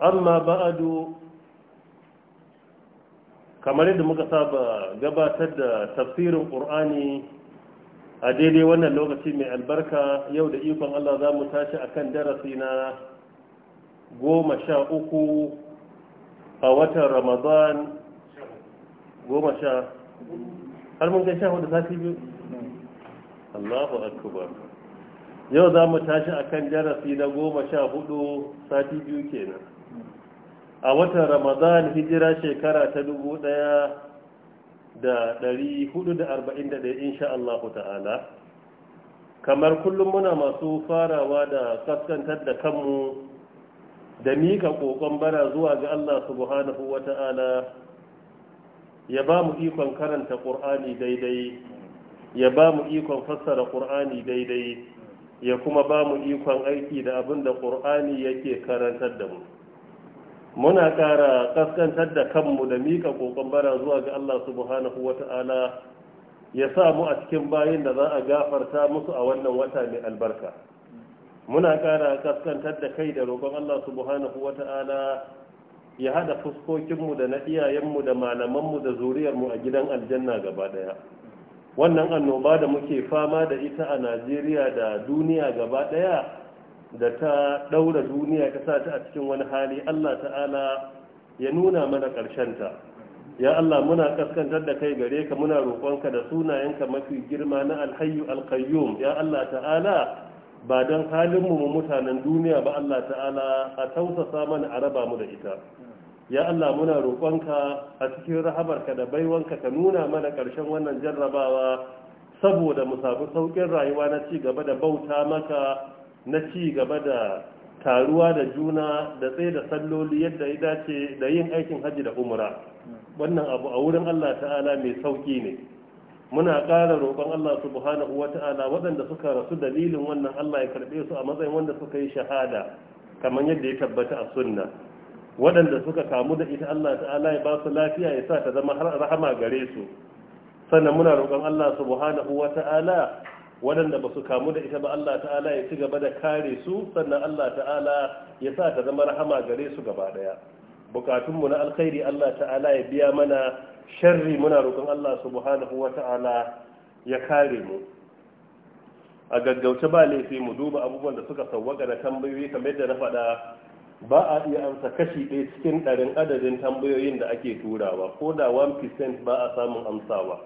amma ba'adu kamar yadda muka saba gabatar da tafsirin ƙur'ani a daidai wannan lokaci mai albarka yau da ikon Allah za mu tashi akan darasi na goma sha uku a watan ramadan goma sha har mun kai sha hudu sati biyu Allahu akbar yau za mu tashi akan darasi na goma sha hudu sati biyu kenan a watan ramadan hijira shekara ta dubu ɗaya da ɗari hudu da arba'in da ɗaya insha Allah ta'ala kamar kullum muna masu farawa da kaskantar da kanmu da mika ƙoƙon bara zuwa ga Allah subhanahu wa ta'ala ya ba mu ikon karanta ƙur'ani daidai ya ba mu ikon fassara ƙur'ani daidai ya kuma ba mu ikon aiki da abin da ƙur'ani yake karantar da mu muna ƙara kaskantar da kanmu da miƙa ƙoƙon bara zuwa ga Allah subhanahu wa ya sa mu a cikin bayin da za a gafarta musu a wannan wata mai albarka muna ƙara kaskantar da kai da roƙon Allah subhanahu wa ya haɗa fuskokinmu da na iyayenmu da malamanmu da zuriyarmu a gidan aljanna gaba ɗaya wannan annoba da muke fama da ita a najeriya da duniya gaba ɗaya da ta daura duniya ta sa ta a cikin wani hali Allah ta'ala ya nuna mana ta. ya Allah muna kaskantar da kai gare ka muna roƙonka da sunayenka mafi girma na alhayyu alqayyum ya Allah ta'ala ba don halin mu mutanen duniya ba Allah ta'ala a tausasa mana a raba mu da ita ya Allah muna roƙonka a cikin rahabarka da baiwanka ka nuna mana ƙarshen wannan jarrabawa saboda mu samu sauƙin rayuwa na ci gaba da bauta maka na ci gaba da taruwa da juna da tsaye da salloli yadda ya dace da yin aikin hajji da umra wannan abu a wurin Allah ta'ala mai sauki ne muna ƙara roƙon Allah subhanahu wa ta'ala waɗanda suka rasu dalilin wannan Allah ya karɓe su a matsayin wanda suka yi shahada kamar yadda ya tabbata a sunna waɗanda suka kamu da ita Allah ta'ala ya ba su lafiya ya sa ta zama rahama gare su sannan muna roƙon Allah subhanahu wa ta'ala waɗanda ba su kamu da ita ba Allah ta'ala ya ci gaba da kare su sannan Allah ta'ala ya sa ta zama rahama gare su gaba ɗaya bukatunmu na alkhairi Allah ta'ala ya biya mana sharri muna roƙon Allah subhanahu wa ta'ala ya kare mu a gaggauce ba laifi mu duba abubuwan da suka sauwaka da tambayoyi kamar yadda na faɗa ba a iya amsa kashi ɗaya cikin ɗarin adadin tambayoyin da ake turawa ko da 1% ba a samun amsawa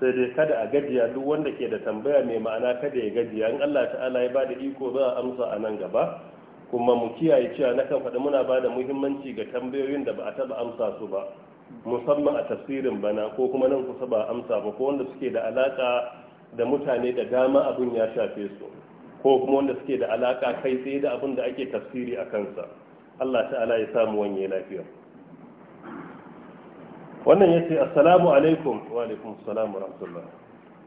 sai dai kada a gajiya duk wanda ke da tambaya mai ma'ana kada ya gajiya in Allah ta'ala ya ba da iko za a amsa a nan gaba kuma mu kiyaye cewa na kan faɗi muna ba da muhimmanci ga tambayoyin da ba a taɓa amsa su ba musamman a tafsirin bana ko kuma nan kusa ba amsa ba ko wanda suke da alaƙa da mutane da dama abin ya shafe su ko kuma wanda suke da alaƙa kai tsaye da abin da ake tafsiri a kansa Allah ta'ala ya samu wanye lafiya wannan ya ce assalamu alaikum wa alaikum assalamu rahmatullah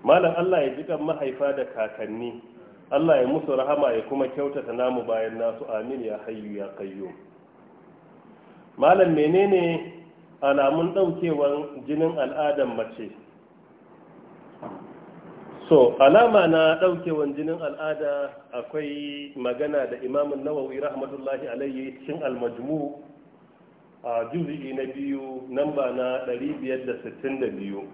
malam Allah ya jikan mahaifa da kakanni Allah ya musu rahama ya kuma kyautata namu bayan nasu amin ya hayyu ya qayyum malam menene alamun ɗaukewar jinin al'adan mace so alama na ɗaukewar jinin al'ada akwai magana da imamun nawawi rahmatullahi alayhi cikin al a juzi'i na biyu namba na 562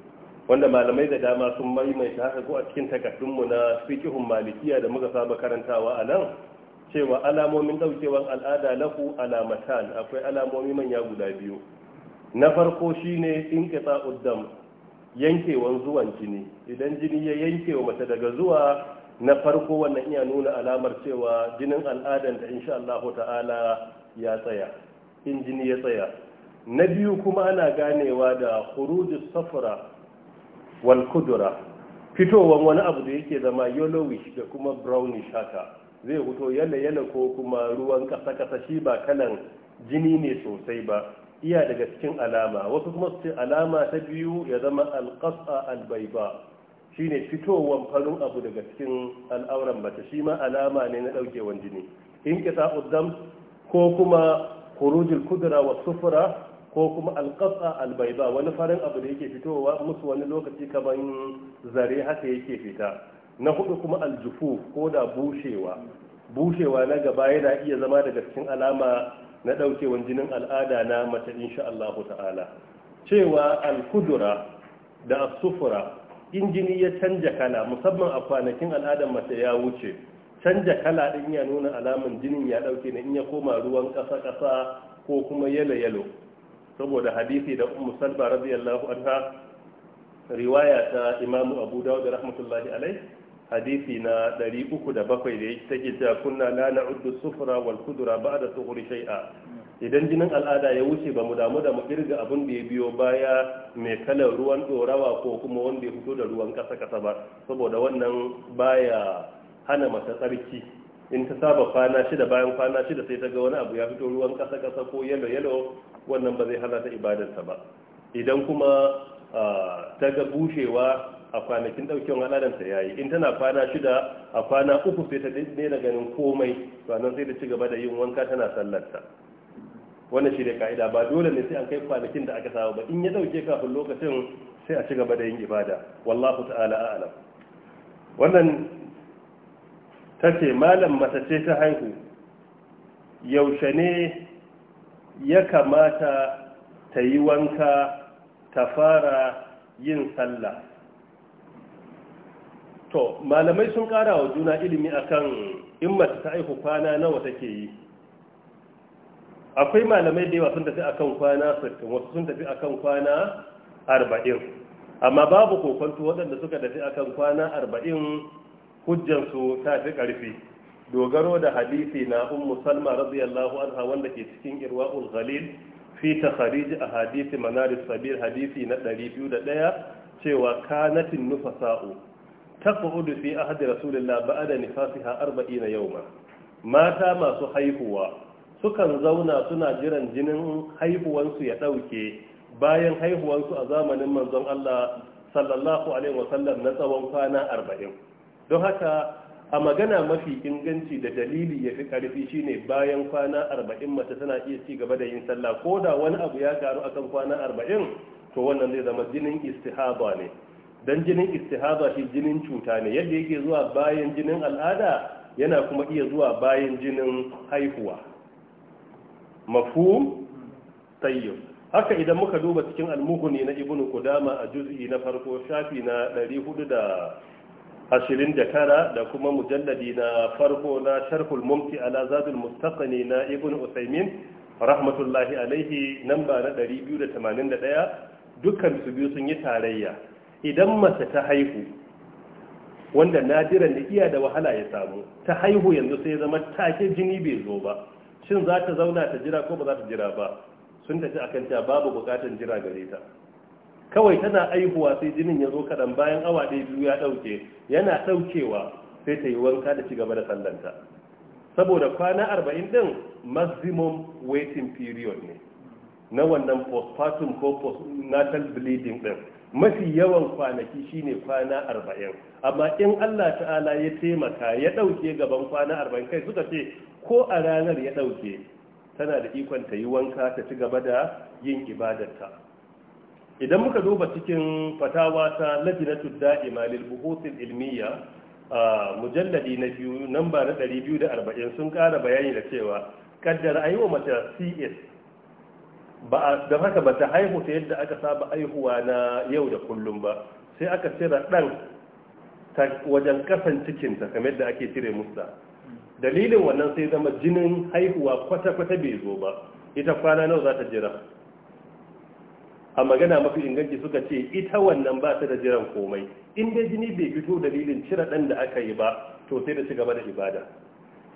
wanda malamai da dama sun maimaita haka ko a cikin takardunmu na fikihun malikiya da muka saba karantawa a nan cewa alamomin daukewar al'ada lahu alamatan akwai alamomi manya guda biyu na farko shine in kitsa uddam yankewan zuwan jini idan jini ya yanke wa mace daga zuwa na farko wannan iya nuna alamar cewa jinin al'adan da insha Allah ta'ala ya tsaya in ya tsaya na biyu kuma ana ganewa da khurujus safra wal kudura fitowar wani abu da yake zama yellowish da kuma brownish haka zai fito yalla yalla ko kuma ruwan kasa kasa shi ba kalan jini ne sosai ba iya daga cikin alama wasu kuma su ce alama ta biyu ya zama alƙasa albaiba shine fitowan farin abu daga cikin al'auran bata shi ma alama ne na ɗaukewan jini in kita uddam ko kuma khurujul kudra wa sufura ko kuma alqasa albayda wani farin abu da yake fitowa musu wani lokaci kaman zare haka yake fita na hudu kuma aljufu ko da bushewa bushewa na gaba yana iya zama daga cikin alama na daukewan jinin al'ada na mace insha Allah ta'ala cewa alkudura da asufura in jini ya canja kala musamman a kwanakin al'adar mace ya wuce canja kala din ya nuna alaman jinin ya dauke ne in ya koma ruwan kasa kasa ko kuma yalo yalo saboda hadisi da ummu salba radiyallahu anha riwaya ta imamu abu dawud rahmatullahi alai hadisi na 307 da take cewa kunna la na'uddu sufra wal kudura ba'da tughri shay'a idan jinin al'ada ya wuce ba mu damu da mu kirga abun da ya biyo baya mai kalar ruwan dorawa ko kuma wanda ya fito da ruwan kasa kasa ba saboda wannan baya hana masa tsarki in ta saba kwana shida bayan kwana shida sai ta ga wani abu ya fito ruwan kasa kasa ko yalo yalo wannan ba zai hana ta ibadarta ba idan kuma ta ga bushewa a kwanakin ɗaukewan al'adanta ya yi in tana kwana shida a kwana uku sai ta daina ganin komai sannan sai ta ci gaba da yin wanka tana sallarta wannan shi ne ka'ida ba dole ne sai an kai kwanakin da aka saba ba in ya ɗauke kafin lokacin sai a ci gaba da yin ibada wallahu ta'ala a'lam wannan ta ce malam ce ta haihu yaushe ne ya kamata ta yi wanka ta fara yin sallah to malamai sun kara wa juna ilimi akan in mata ta haihu kwana nawa take yi akwai malamai da yawa sun tafi akan kwana 60 wasu sun tafi akan kwana 40 amma babu kokonto waɗanda suka tafi akan kwana 40 hujjansu ta fi ƙarfi dogaro da hadisi na ummu salma radiyallahu anha wanda ke cikin irwa'ul ghalil fi takharij ahadith manar sabir hadisi na ɗaya, cewa kanatin nufasa'u taqudu fi ahdi rasulillah ba'da nifasiha 40 yawma mata masu haihuwa sukan zauna suna jiran jinin haihuwansu ya ɗauke, bayan haihuwansu a zamanin manzon Allah sallallahu alaihi wasallam na tsawon kwana arba'in. don haka a magana mafi inganci da dalili ya fi karfi ne bayan kwana arba'in mace tana iya ci gaba da yin sallah ko da wani abu ya karu akan kwana arba'in to wannan zai zama jinin istihaba ne don jinin istihaba shi jinin cuta ne yadda yake zuwa bayan jinin al'ada yana kuma iya zuwa bayan jinin haihuwa Mafu? tayyib haka idan muka duba cikin almuhuni na ibnu kudama a juz'i na farko shafi na 400 ashirin da tara da kuma mujalladi na farko na sharhul mumti ala zadul mustaqani na ibn usaimin rahmatullahi alaihi namba na 281 dukkan su biyu sun yi tarayya idan mace ta haihu wanda nadiran da iya da wahala ya samu ta haihu yanzu sai zama take jini bai zo ba shin za ta zauna ta jira ko ba za ta jira ba sun tafi akan ta babu bukatan jira gare ta kawai tana aihuwa sai jinin ya zo kaɗan bayan awa ɗaya biyu ya ɗauke yana ɗaukewa sai ta yi wanka da cigaba da sallanta saboda kwana arba'in ɗin maximum waiting period ne na wannan postpartum ko postnatal bleeding ɗin mafi yawan kwanaki shine kwana arba'in amma in allah ta'ala ya taimaka ya ɗauke gaban kwana arba'in kai suka ce ko a ranar ya ɗauke tana da ikon ta yi wanka ta ci gaba da yin ibadarta idan muka duba cikin fatawa ta na da'ima lil buhuthil ilmiya a mujalladi na biyu namba na 240 sun kara bayani da cewa kaddar aiwa mata CS ba da haka bata haihu ta yadda aka saba aihuwa na yau da kullum ba sai aka cira dan wajen kasan cikinta kamar da ake cire musta dalilin wannan sai zama jinin haihuwa kwata-kwata bai zo ba ita kwana nawa za ta jira a magana mafi inganci suka ce ita wannan ba ta da jiran komai in dai jini bai fito dalilin cire ɗan da aka yi ba to sai da ci gaba da ibada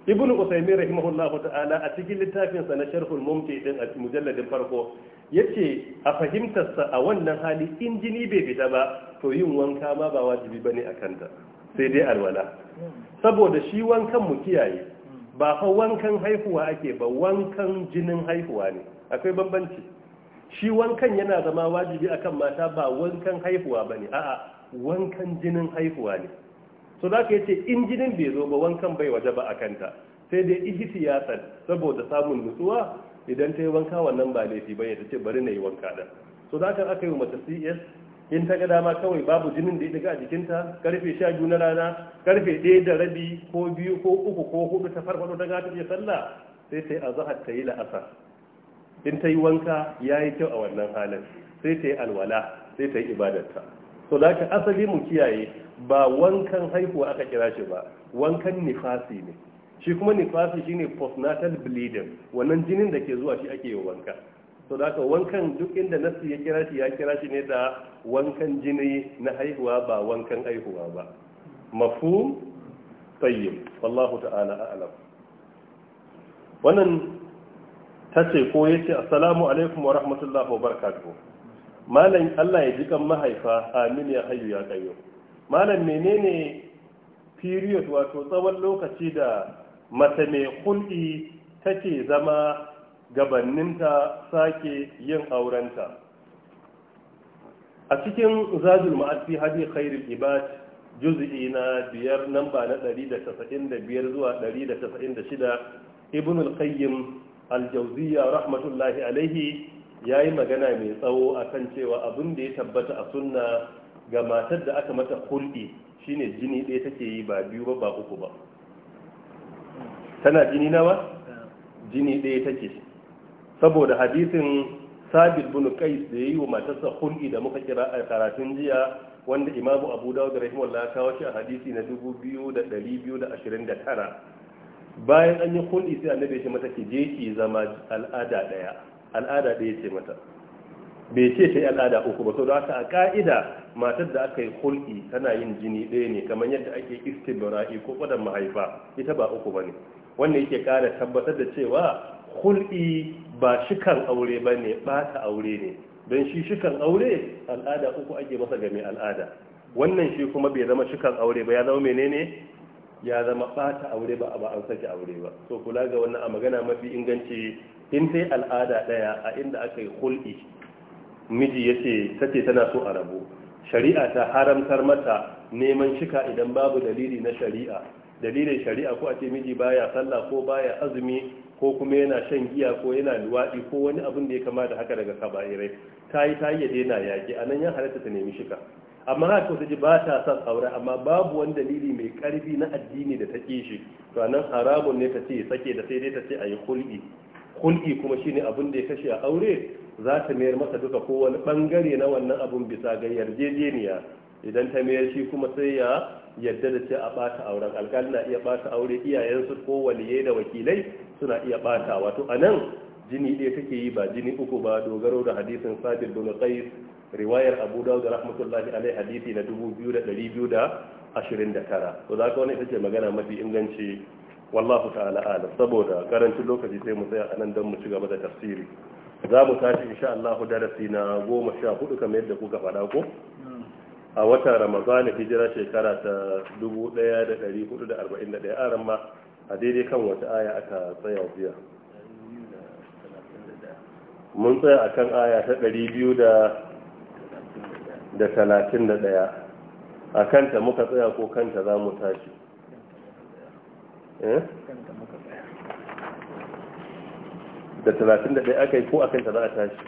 ibn usaymin rahimahullahu ta'ala a cikin littafin sa na sharhul mumti din a mujalladin farko yace a fahimtar sa a wannan hali in jini bai fita ba to yin wanka ma ba wajibi bane akan ta sai dai alwala saboda shi wankan mu kiyaye ba fa wankan haihuwa ake ba wankan jinin haihuwa ne akwai bambanci shi wankan yana zama wajibi akan mata ba wankan haihuwa ba ne a'a wankan jinin haihuwa ne so za ka yace in jinin bai zo ba wankan bai waje ba a kanta sai dai ihiti siyasar saboda samun nutsuwa idan ta yi wanka wannan ba laifi ba ya ce bari na yi wanka da so za ka aka yi mata cs in ta ga dama kawai babu jinin da ya daga a jikinta karfe sha biyu na rana karfe ɗaya da rabi ko biyu ko uku ko hudu ta farfaɗo ta gata ta sallah sai sai a zahar ta yi la'asar in ta yi wanka ya yi kyau a wannan halin sai ta yi alwala sai ta yi ibadarta so da ka asali mu kiyaye ba wankan haihuwa aka kira shi ba wankan nifasi ne shi kuma nifasi shi ne postnatal bleeding wannan jinin da ke zuwa shi ake yi wanka so da wankan duk inda nasu ya kira shi ya kira shi ne da wankan jini na haihuwa ba wankan haihuwa ba mafhum tayyib wallahu ta'ala a'lam wannan ta ce ko ya ce assalamu alaikum wa rahmatullahi wa barakatuhu malam Allah ya ji kan mahaifa amin ya hayu ya kayo malam menene period wato tsawon lokaci da mace mai hulɗi take zama ta sake yin aurenta a cikin zazul ma'afi hadi khairu ibad juz'i na biyar namba na 195 zuwa 196 ibn al-qayyim aljauziya rahmatullahi alaihi ya yi magana mai tsawo a kan cewa abin da ya tabbata a sunna ga matar da aka mata kulɗi shine jini ɗaya take yi ba biyu ba ba uku ba tana jini nawa jini ɗaya take saboda hadisin sabit bin qais da yayi wa matarsa kulɗi da muka kira a karatun jiya wanda imamu abu dawud rahimahullah ya kawo shi a hadisi na tara. bayan an yi hulɗi sai annabi ya ce mata ki je ki zama al'ada ɗaya al'ada ɗaya ce mata bai ce ta yi al'ada uku ba so da haka a ka'ida matar da aka yi hulɗi tana yin jini ɗaya ne kamar yadda ake istibra'i ko kwadon mahaifa ita ba uku ba ne wannan yake ƙara tabbatar da cewa hulɗi ba shikan aure ba ne ɓata aure ne don shi shikan aure al'ada uku ake masa game al'ada wannan shi kuma bai zama shikan aure ba ya zama menene ya zama bata aure ba ba an saki aure ba so kula ga wannan a magana mafi inganci in sai al'ada daya a inda aka yi hulɗi miji ya ce take tana so a rabu shari'a ta haramtar mata neman shika idan babu dalili na shari'a dalilin shari'a ko a ce miji baya sallah ko baya azumi ko kuma yana shan giya ko yana luwaɗi ko wani abin da ya kama da haka daga kaba'irai ta yi ta yi ya daina yaƙi a nan ya halatta ta nemi shika amma haka wata ji ba ta son aure amma babu wani dalili mai karfi na addini da ta ƙi shi to nan haramun ne ta ce sake da sai dai ta ce a yi hulɗi hulɗi kuma shine abin da ya kashe a aure za ta mayar masa duka ko wani bangare na wannan abun bisa ga yarjejeniya idan ta mayar shi kuma sai ya yadda da ce a ɓata auren alƙali na iya ɓata aure iyayensu ko waliyai da wakilai suna iya ɓata wato a nan jini ɗaya kake yi ba jini uku ba dogaro da hadisin sabir bin qais riwayar abu dawud rahmatullahi alaihi hadisi na 2229 to zaka wani ita ce magana mafi inganci wallahu ta'ala ala saboda karancin lokaci sai mu tsaya anan don mu ci gaba da tafsiri za mu tashi insha Allah darasi na goma sha hudu kamar yadda kuka faɗa ko a watan ramadan hijira shekara ta 1441 aran ma a daidai kan wata aya aka tsaya biya mun tsaya akan aya ta 200 da talatin da ɗaya a kanta muka tsaya ko kanta za mu tashi eh? da talatin da ɗaya aka yi ko a kanta za a tashi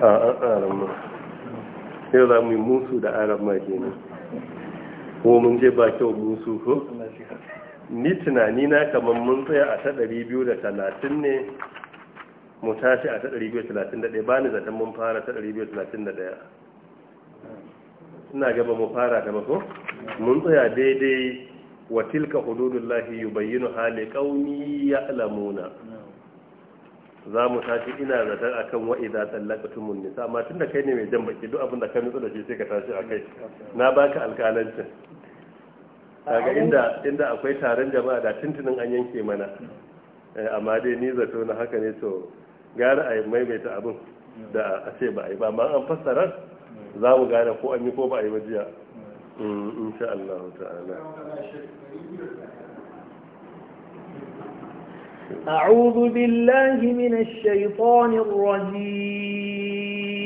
a an arama yau za mu yi musu da arama kenan ko mun je ba kyau musu ko ni tunani na kamar mun tsaya a ta 230 ne mu tashi a ta 231 ba ni zaton mun fara ta ɗaya ina gaba mu fara da bako mun tsaya daidai wa tilka yi yubayyinu hali ƙauni ya alamuna za mu tashi ina zatar akan wa idza mun nisa amma tun da kai ne mai jan baki duk abin da kan nutsu da shi sai ka tashi a kai na ka alƙalancin daga inda inda akwai taron jama'a da tuntunin an yanke mana eh, amma dai ni zato na haka ne to gara a yi maimaita abin da a ce ba a yi ba ma an fassara za mu gane ko an yi ko ba a yi ba jiya mm, insha Allah ta'ala أعوذ بالله من الشيطان الرجيم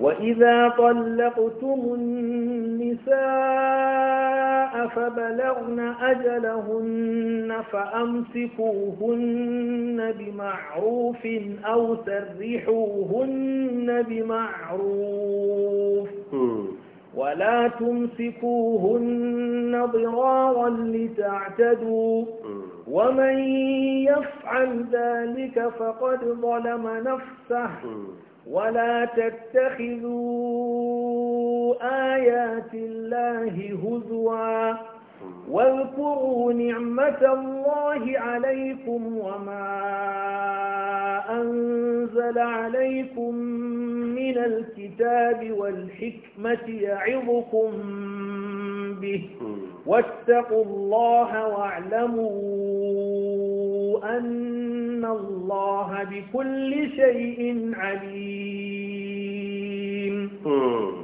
وإذا طلقتم النساء فبلغن أجلهن فأمسكوهن بمعروف أو سرحوهن بمعروف ولا تمسكوهن ضرارا لتعتدوا ومن يفعل ذلك فقد ظلم نفسه ولا تتخذوا آيات الله هزواً واذكروا نعمة الله عليكم وما أنزل عليكم من الكتاب والحكمة يعظكم به واتقوا الله واعلموا أن الله بكل شيء عليم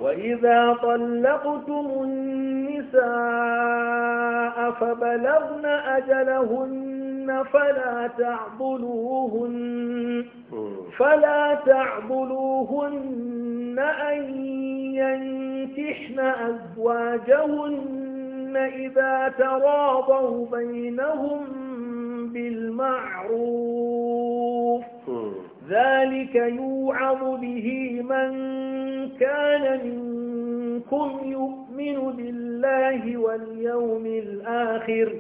وإذا طلقتم النساء فبلغن أجلهن فلا تعضلوهن فلا تعبدوهن أن ينكحن أزواجهن إذا تراضوا بينهم بالمعروف ذلك يوعظ به من كان منكم يؤمن بالله واليوم الآخر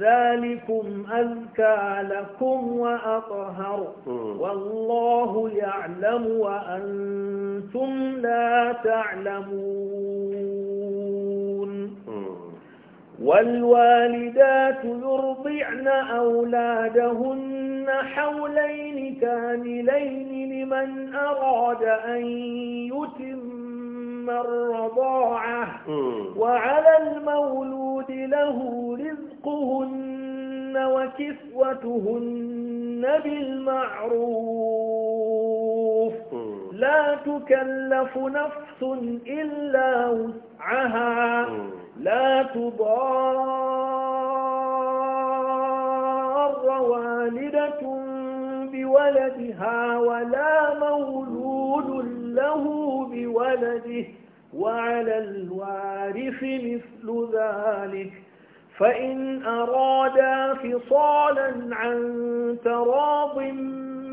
ذلكم أذكى لكم وأطهر والله يعلم وأنتم لا تعلمون والوالدات يرضعن أولادهن حولين كاملين لمن أراد أن يتم الرضاعة وعلى المولود له رزقهن وكسوتهن بالمعروف لا تكلف نفس إلا وسعها لا تضار والدة بولدها ولا مولود له بولده وعلى الوارث مثل ذلك فإن أرادا فصالا عن تراض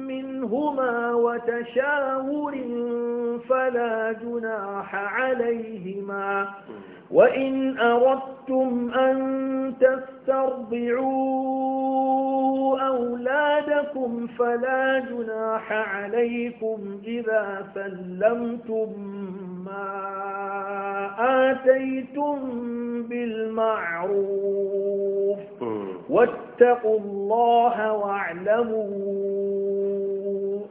منهما وتشاور فلا جناح عليهما وَإِنْ أَرَدْتُمْ أَنْ تَسْتَرْضِعُوا أَوْلَادَكُمْ فَلَا جُنَاحَ عَلَيْكُمْ إِذَا سَلَّمْتُمْ مَا آتَيْتُمْ بِالْمَعْرُوفِ وَاتَّقُوا اللَّهَ وَاعْلَمُوا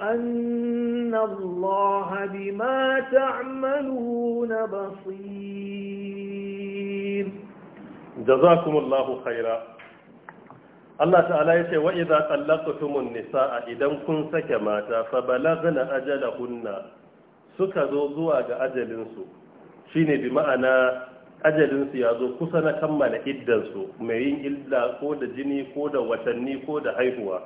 أن الله بما تعملون بصير جزاكم الله خيرا الله تعالى يقول وإذا طلقتم النساء إذا كن سكماتا فبلغن أجلهن سكذو زواج أجلنسو شيني بمعنى ajalinsu ya zo kusa na kammala iddansu mai yin illa ko da jini ko da watanni ko da haihuwa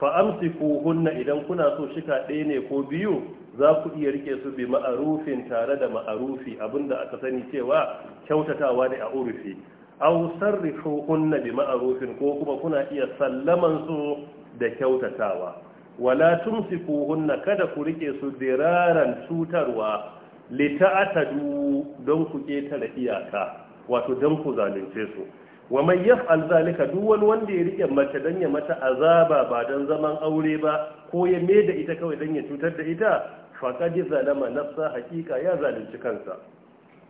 fa'amsikuhunna idan kuna so shika ɗaya ne ko biyu za ku iya rike su bi ma'arufin tare da ma'arufi abinda aka sani cewa kyautatawa ne a urufi aw sarrifuhunna bi ma'arufin ko kuma kuna iya sallaman su da kyautatawa wala tumsikuhunna kada ku rike su diraran cutarwa lita'atadu don ku ketare iyaka wato don ku zalunce su wa man yaf'al zalika duk wani wanda ya rike mace dan ya mata azaba ba dan zaman aure ba ko ya da ita kawai dan ya cutar da ita faqad zalama nafsa haqiqa ya zalunci kansa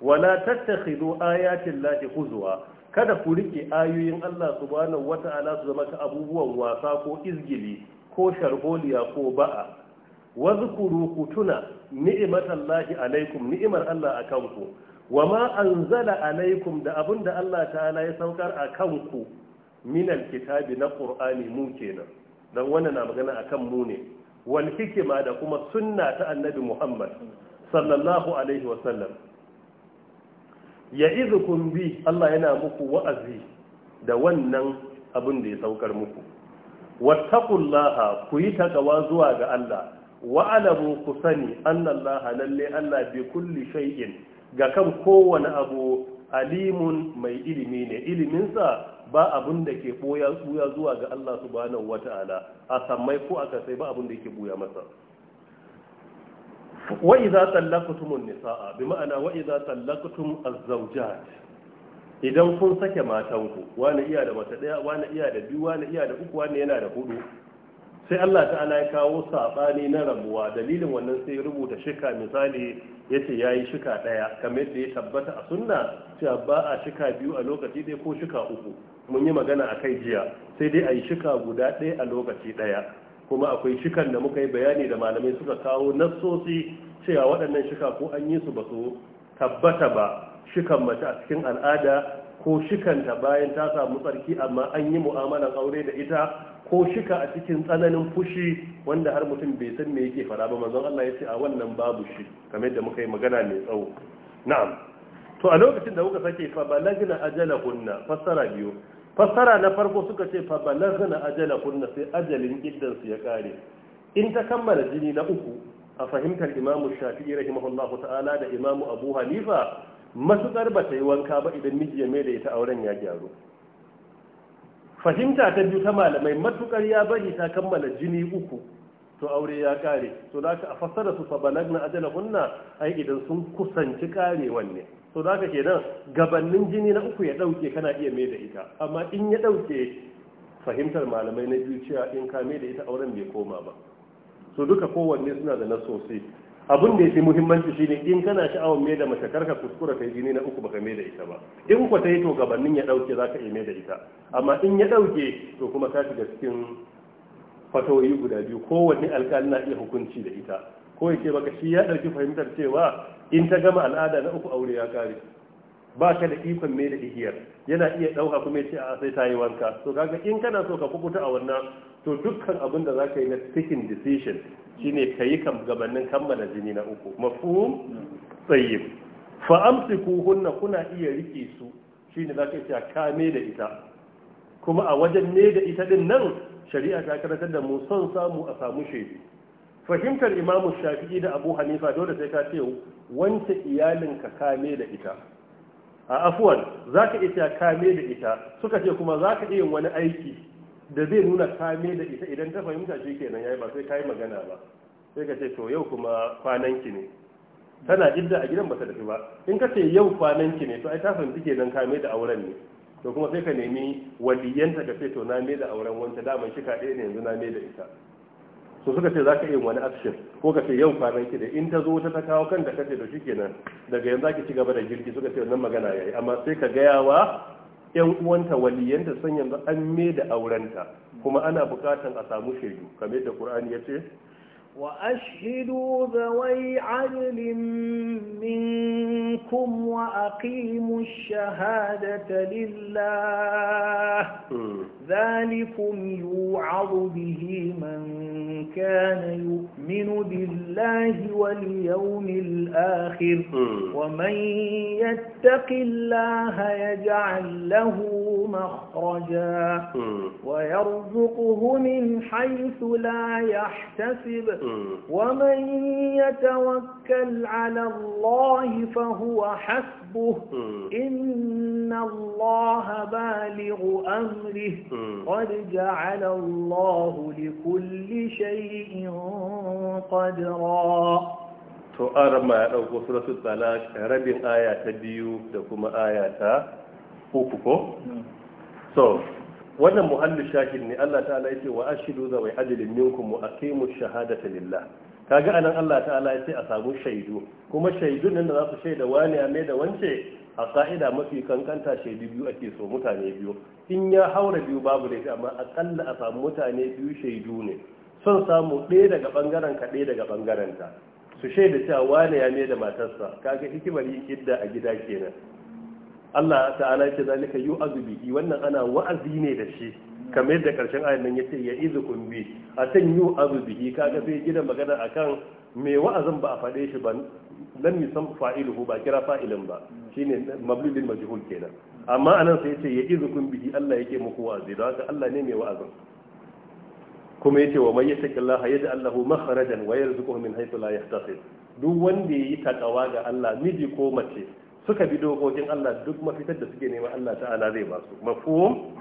wala tattakhidhu ayati llahi huzwa kada ku riƙe ayoyin Allah subhanahu wata'ala su zama ka abubuwan wasa ko izgili ko sharholiya ko ba'a zkuru kutuna ni'matallahi alaikum ni'mar Allah akan ku wa ma anzala alaikum da abin da Allah ta'ala ya saukar a kanku minal kitabi na Ƙur'ani mu kenan dan wannan na magana akan mu ne wal hikima da kuma sunna ta annabi Muhammad sallallahu alaihi wa sallam ya'izukum bi Allah yana muku wa'azi da wannan abin da ya saukar muku wattaqullaha ku yi takawa zuwa ga Allah wa'alamu ku sani annallaha lalle Allah bi kulli shay'in ga kan kowane abu alimun mai ilimi ne iliminsa ba abun da ke boya tsuya zuwa ga Allah subhanahu wata'ala a sammai ko a kasai ba abun da yake buya masa wa idza tallaqtumun nisaa bi ma'ana wa idza tallaqtum az-zawjat idan kun sake matanku wani iya da mata daya wani iya da biyu wani iya da uku wani yana da hudu sai Allah ta'ala ya kawo saɓani na rabuwa dalilin wannan sai rubuta shika misali ya ce ya yi shika ɗaya kamar yadda ya tabbata a sunna cewa ba a shika biyu a lokaci ɗaya ko shika uku mun yi magana a kai jiya sai dai a yi shika guda ɗaya a lokaci ɗaya kuma akwai shikan da muka yi bayani da malamai suka kawo nassosi cewa waɗannan shika ko an yi su ba su tabbata ba shikan mace a cikin al'ada ko shikanta bayan ta samu tsarki amma an yi mu'amalan aure da ita ko shika a cikin tsananin fushi wanda har mutum bai san me yake fara ba manzon Allah ya ce a wannan babu shi kamar yadda muka yi magana mai tsawo na'am to a lokacin da kuka sake fa balagna ajalahunna fassara biyo, fassara na farko suka ce fa balagna ajalahunna sai ajalin iddan su ya kare in ta kammala jini na uku a fahimtar imamu shafi'i rahimahullahu ta'ala da imamu abu hanifa masu ba ta yi wanka ba idan miji ya mai da ita auren ya gyaru fahimta ta biyu ta malamai matukar ya bari ta kammala jini uku to aure ya kare to da aka fassara su fa balagna hunna ai idan sun kusanci kare wanne to da aka kenan gabannin jini na uku ya dauke kana iya mai da ita amma in ya dauke fahimtar malamai na biyu cewa in ka mai da ita auren bai koma ba to duka kowanne suna da nasosi abin da ya fi muhimmanci shine in kana sha'awar mai da mace karka kuskura kai jini na uku baka mai da ita ba in ku ta yi to gabanin ya dauke za ka iya mai da ita amma in ya dauke to kuma ta shiga cikin fatoyi guda biyu kowanne alkali na iya hukunci da ita ko ya ce baka shi ya dauki fahimtar cewa in ta gama al'ada na uku aure ya kare ba ka da ikon mai da igiyar yana iya ɗauka kuma ya ce a sai ta yi wanka to kaga in kana so ka kubuta a wannan to dukkan abin da za ka yi na taking decision shine kayi yi gabanin kammala jini na uku mafhum tayyib ku hunna kuna iya rike su shi ne za ka ce kame da ita kuma a wajen ne da ita din nan shari'a ta karatar da mu son samu a samu shaidu fahimtar imamu shafi'i da abu hanifa dole sai ka ce wance ka kame da ita a afuwan za ka iya kame da ita suka ce kuma za ka iya wani aiki da zai nuna kame da ita idan ta fahimta shi kenan yayi ba sai kai magana ba sai ka ce to yau kuma kwananki ne tana idda a gidan ba ta tafi ba in ka ce yau kwananki ne to ai ta fahimci kenan kame da auren ne to kuma sai ka nemi waliyanta ka ce to na me da auren wanta daman shi ɗaya ne yanzu na me da ita to suka ce za ka yi wani action ko ka ce yau kwanan ki in ta zo ta ta kawo kanta da ce to shikenan daga yanzu ki ci gaba da girki suka ce wannan magana yayi amma sai ka gaya yan uwanta waliyanta san yanzu an me da aurenta kuma ana bukatan a samu shaidu kamar da qur'ani ce. وأشهدوا ذوي عدل منكم وأقيموا الشهادة لله ذلكم يوعظ به من كان يؤمن بالله واليوم الآخر ومن يتق الله يجعل له مخرجا ويرزقه من حيث لا يحتسب ومن يتوكل على الله فهو حسبه إن الله بالغ أمره قد جعل الله لكل شيء قدرا to arma ya ɗauko suratul talaq rabin aya ta biyu da kuma aya ta uku ko so wannan muhallu shahid ne Allah ta'ala yace wa ashidu zawai adlin minkum wa aqimu shahadata lillah ga anan Allah ta'ala yace a samu shaidu kuma shaidun nan da za su shaida wani a mai da wance a ka'ida mafi kankanta shaidu biyu ake so mutane biyu in ya haura biyu babu laifi amma akalla a samu mutane biyu shaidu ne son samu ɗaya daga bangaren ka ɗaya daga bangaren ta su shaida cewa wani ya mai da matarsa kaga hikimar yi kidda a gida kenan Allah ta'ala yake zalika yu'azu bihi wannan ana wa'azi ne da shi kamar da karshen ayar nan yace ya izukum bi a san yu'azu bihi kaga sai gina magana akan me wa'azin ba a fade shi ba lam yusam fa'iluhu ba kira fa'ilin ba shine mablulil majhul kenan amma anan sai yace ya izukum bi Allah yake muku wa'azi don haka Allah ne me wa'azin kuma yace wa man yattaqillaha yaj'al lahu makhrajan wa yarzuquhu min haythu la yahtasib duk wanda yayi takawa ga Allah miji ko mace suka bi dokokin Allah duk mafitar da suke nema Allah ta'ala zai ba su mafhum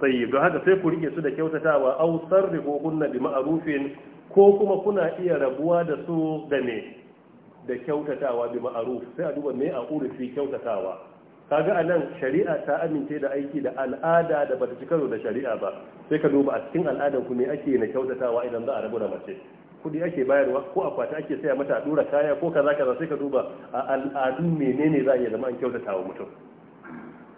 tayyib don haka sai ku rike su da kyautatawa aw sarrihu kunna bi ma'rufin ko kuma kuna iya rabuwa da su da me da kyautatawa bi ma'ruf sai a duba me a urufi kyautatawa kaga anan shari'a ta amince da aiki da al'ada da bata ci karo da shari'a ba sai ka duba a cikin al'adar ku me ake na kyautatawa idan za a rabu da mace kudi ake bayarwa ko akwati ake saya mata a dora kaya ko kaza kaza sai ka duba a al'adun menene za a iya zama an kyautata wa mutum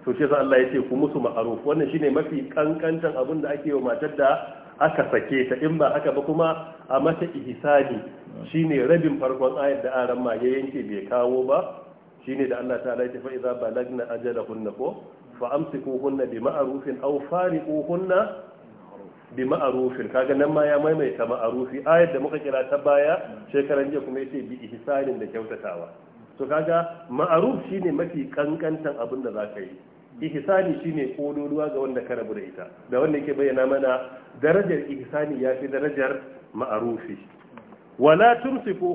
to shi yasa Allah ya ce ku musu ma'aruf wannan shine mafi kankantan abin da ake yi wa matar da aka sake ta in ba haka ba kuma a mata ihsani shine rabin farkon ayar da aran ma ya yanke bai kawo ba shine da Allah ta ya ce fa iza balagna ajalahunna ko fa amsikuhunna bima'rufin aw fariquhunna bi ma'arufin kaga nan ma ya maimaita ma'arufi ayar da muka kira ta baya shekaran jiya kuma yace bi ihsanin da kyautatawa to kaga ma'aruf shine mafi kankantan abin da zaka yi ihsani shine kololuwa ga wanda ka rabu da ita da wanda yake bayyana mana darajar ihsani yafi darajar ma'arufi wala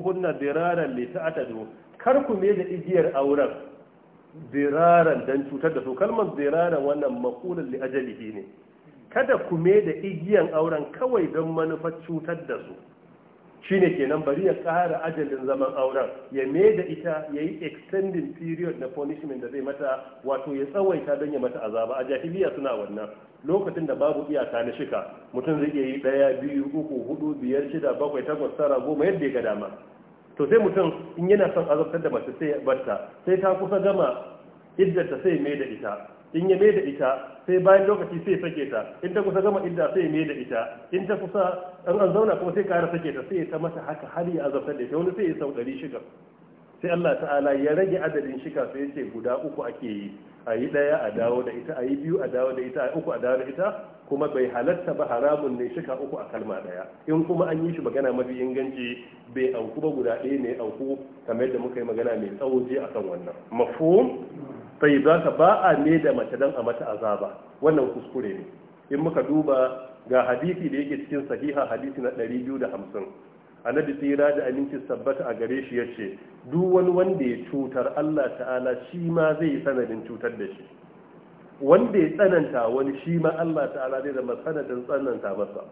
hunna diraran li ta'tadu kar ku me da igiyar auren diraran dan cutar da su kalmar diraran wannan maqulan li ajalihi ne kada ku me da igiyan auren kawai don manufar cutar da su shine kenan bari ya kara ajalin zaman auren ya me da ita ya yi extending period na punishment da zai mata wato ya tsawaita don ya mata azaba a jahiliya suna wannan lokacin da babu iyaka na shika mutum zai iya yi daya biyu uku hudu biyar shida bakwai takwas tara goma yadda ya ga dama to sai mutum in yana son azabtar da mace sai ya barta sai ta kusa gama iddata sai mai da ita in ya da ita sai bayan lokaci sai sake ta in ta kusa gama idda sai mai da ita in ta kusa an an zauna kuma sai kara sake ta sai ta mata haka har ya azabtar da ita wani sai ya sau ɗari shiga sai Allah ta'ala ya rage adadin shika sai ce guda uku ake yi a yi ɗaya a dawo da ita a yi biyu a dawo da ita a uku a dawo da ita kuma bai halatta ba haramun ne shika uku a kalma ɗaya in kuma an yi shi magana mafi inganci bai auku ba guda ɗaya ne auku kamar yadda muka yi magana mai tsawo je akan wannan mafhum sai za ka ba a ne da mace dan a mata azaba wannan kuskure ne in muka duba ga hadisi da yake cikin sahiha hadisi na 250 annabi tsira da aminci sabbata a gare shi yace duk wani wanda ya cutar Allah ta'ala shi ma zai yi sanadin cutar da shi wanda ya tsananta wani shi ma Allah ta'ala zai zama sanadin tsananta masa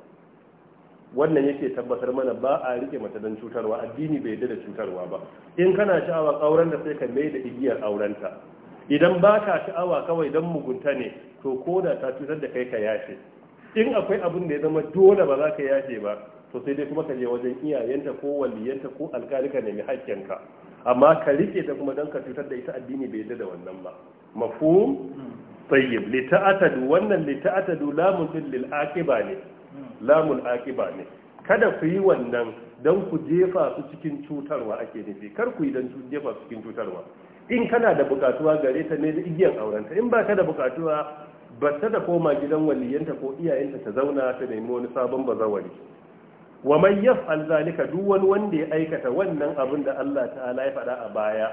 wannan yake tabbatar mana ba a rike mata don cutarwa addini bai yadda da cutarwa ba in kana sha'awar auren da sai ka mai da igiyar aurenta idan ba ka sha'awa kawai don mugunta ne to ko da ta cutar da kai ka yafe in akwai abin da ya zama dole ba za ka yafe ba to sai dai kuma ka je wajen iyayenta ko waliyanta ko alkalika ne mai ka amma ka rike ta kuma don ka cutar da ita addini bai yadda da wannan ba mafhum tayyib li wannan li lamun lil aqiba ne lamul aqiba ne kada ku yi wannan dan ku jefa su cikin cutarwa ake nufi kar ku yi don jefa su cikin cutarwa in kana da bukatuwa gare ta ne da igiyar aurenta in ba ka da bukatuwa ba ta da koma gidan waliyanta ko iyayenta ta zauna ta nemi wani sabon bazawari wa man yaf'al zalika duk wani wanda ya aikata wannan abin da Allah ta'ala ya faɗa a baya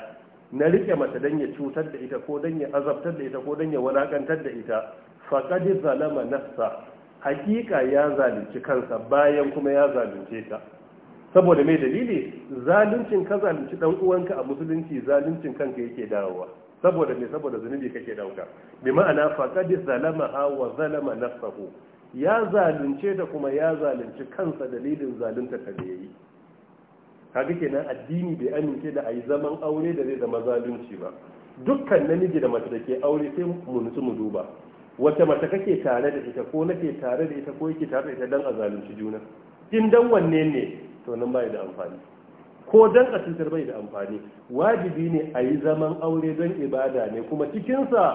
na rike mata dan ya cutar da ita ko dan ya azabtar da ita ko dan ya walakantar da ita faqad zalama nafsa hakika ya zalunci kansa bayan kuma ya zalunce ta saboda mai dalili zaluncin ka zalunci dan uwanka a musulunci zaluncin kanka yake dawowa saboda me saboda zunubi kake dauka bi ma'ana faqad zalama ha wa zalama nafsahu ya zalunce da kuma ya zalunci kansa dalilin zalunta ta da yayi kaga kenan addini bai amince da ayi zaman aure da zai zama zalunci ba dukkan namiji da mace da ke aure sai mu nutsu mu duba wace mace kake tare da ita ko nake tare da ita ko yake tare da ita dan a zalunci juna in dan wanne ne to nan bai da amfani ko dan a bai da amfani wajibi ne a yi zaman aure don ibada ne kuma cikinsa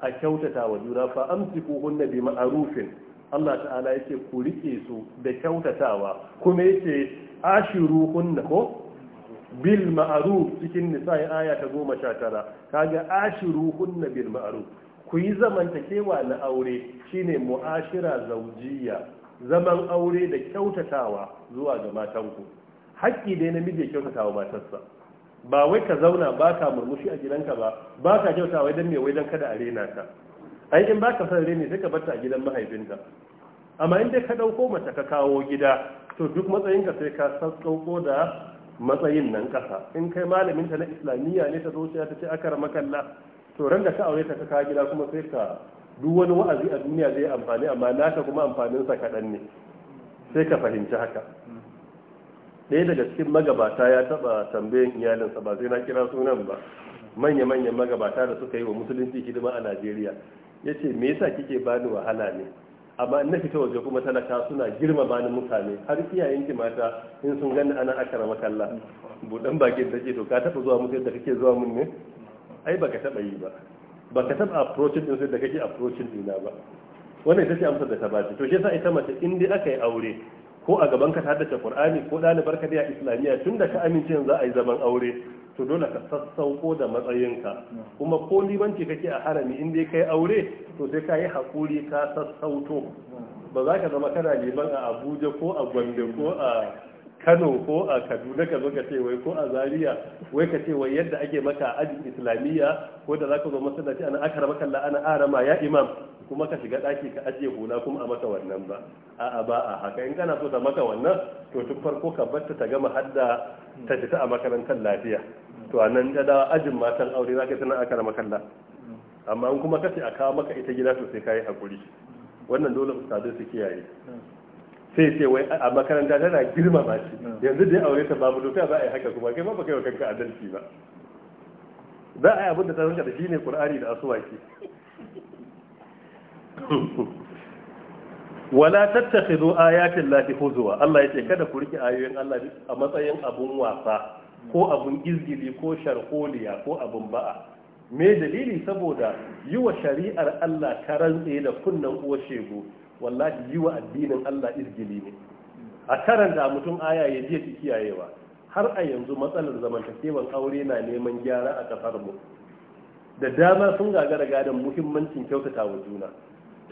a kyautata wa juna fa amsiku hunna bi ma'rufin Allah ta'ala yake ku rike su da kyautatawa kuma yake ashiru hunna ko bil ma'ruf cikin nisa'i aya ta 19 kaga ashiru hunna bil ma'ruf ku yi zamantakewa na aure shine mu'ashira zawjiyya zaman aure da kyautatawa zuwa ga matanku haƙƙi dai namiji ya kyautatawa matarsa ba wai ka zauna ba ka murmushi a gidanka ba ba ka kyauta wai mai me wai dan kada a rena ta ai in ba ka san reni sai ka bar ta a gidan mahaifinta amma in dai ka dauko mace ka kawo gida to duk matsayinka sai ka sassauko da matsayin nan kasa in kai malamin ta na islamiyya ne ta zo ta ce akara makalla to ran da ka aure ta ka kawo gida kuma sai ka duk wani wa'azi a duniya zai amfani amma naka kuma amfanin sa kaɗan ne sai ka fahimci haka ɗaya daga cikin magabata ya taɓa tambayin iyalinsa ba sai na kira sunan ba manya-manyan magabata da suka yi wa musulunci hidima a najeriya ya ce me yasa kike bani wahala ne amma in na fita waje kuma talaka suna girmama ni mutane har iyayen ki mata in sun gani ana akara makalla budan bakin da ke to ka taɓa zuwa mutum da kake zuwa mun ne ai baka taɓa yi ba ba ka taba approaching din sai da kake approaching dina ba wannan ita ce amsar da ta bace to shi yasa ita mace in dai aka yi aure ko a gaban ka ta haddace Qur'ani ko ɗalibar barka da Islamiyya tun da ka amince yanzu a yi zaman aure to dole ka sassauko da matsayinka kuma ko limanci kake a harami in dai kai aure to sai ka yi hakuri ka sassauto ba za ka zama kana liban a Abuja ko a Gombe ko a kano ko a kaduna ka zo ka ce wai ko a zaria wai ka ce wai yadda ake maka ajin islamiyya ko da zaka zo masallaci ana akara maka la ana arama ya imam kuma ka shiga daki ka ajiye hula kuma a maka wannan ba a'a ba a haka in kana so ta maka wannan to tun farko ka batta ta gama hadda ta fita a makarantar lafiya to a nan da dawa ajin matan aure zaka tana akara maka la amma in kuma ka ce a kawo maka ita gida to sai kai hakuri wannan dole ustadai su kiyaye sai ce wai a makaranta tana girma ba shi yanzu da ya aure ta babu doka za a yi haka kuma kai ba kai wa kanka adalci ba za a yi abin da ta rinka da ne qur'ani da asuwaki wala tattakhidhu ayati llahi huzwa Allah yake kada ku rike ayoyin Allah a matsayin abun wasa ko abun izgili ko sharholiya ko abun ba'a me dalili saboda yi wa shari'ar Allah karantse da kunnan uwa shegu wallahi yi wa addinin Allah irgili ne a karanta mutum aya ya je kiyayewa har a yanzu matsalar zamantakewan aure na neman gyara a kasar mu da dama sun gagara gadon muhimmancin kyautata wa juna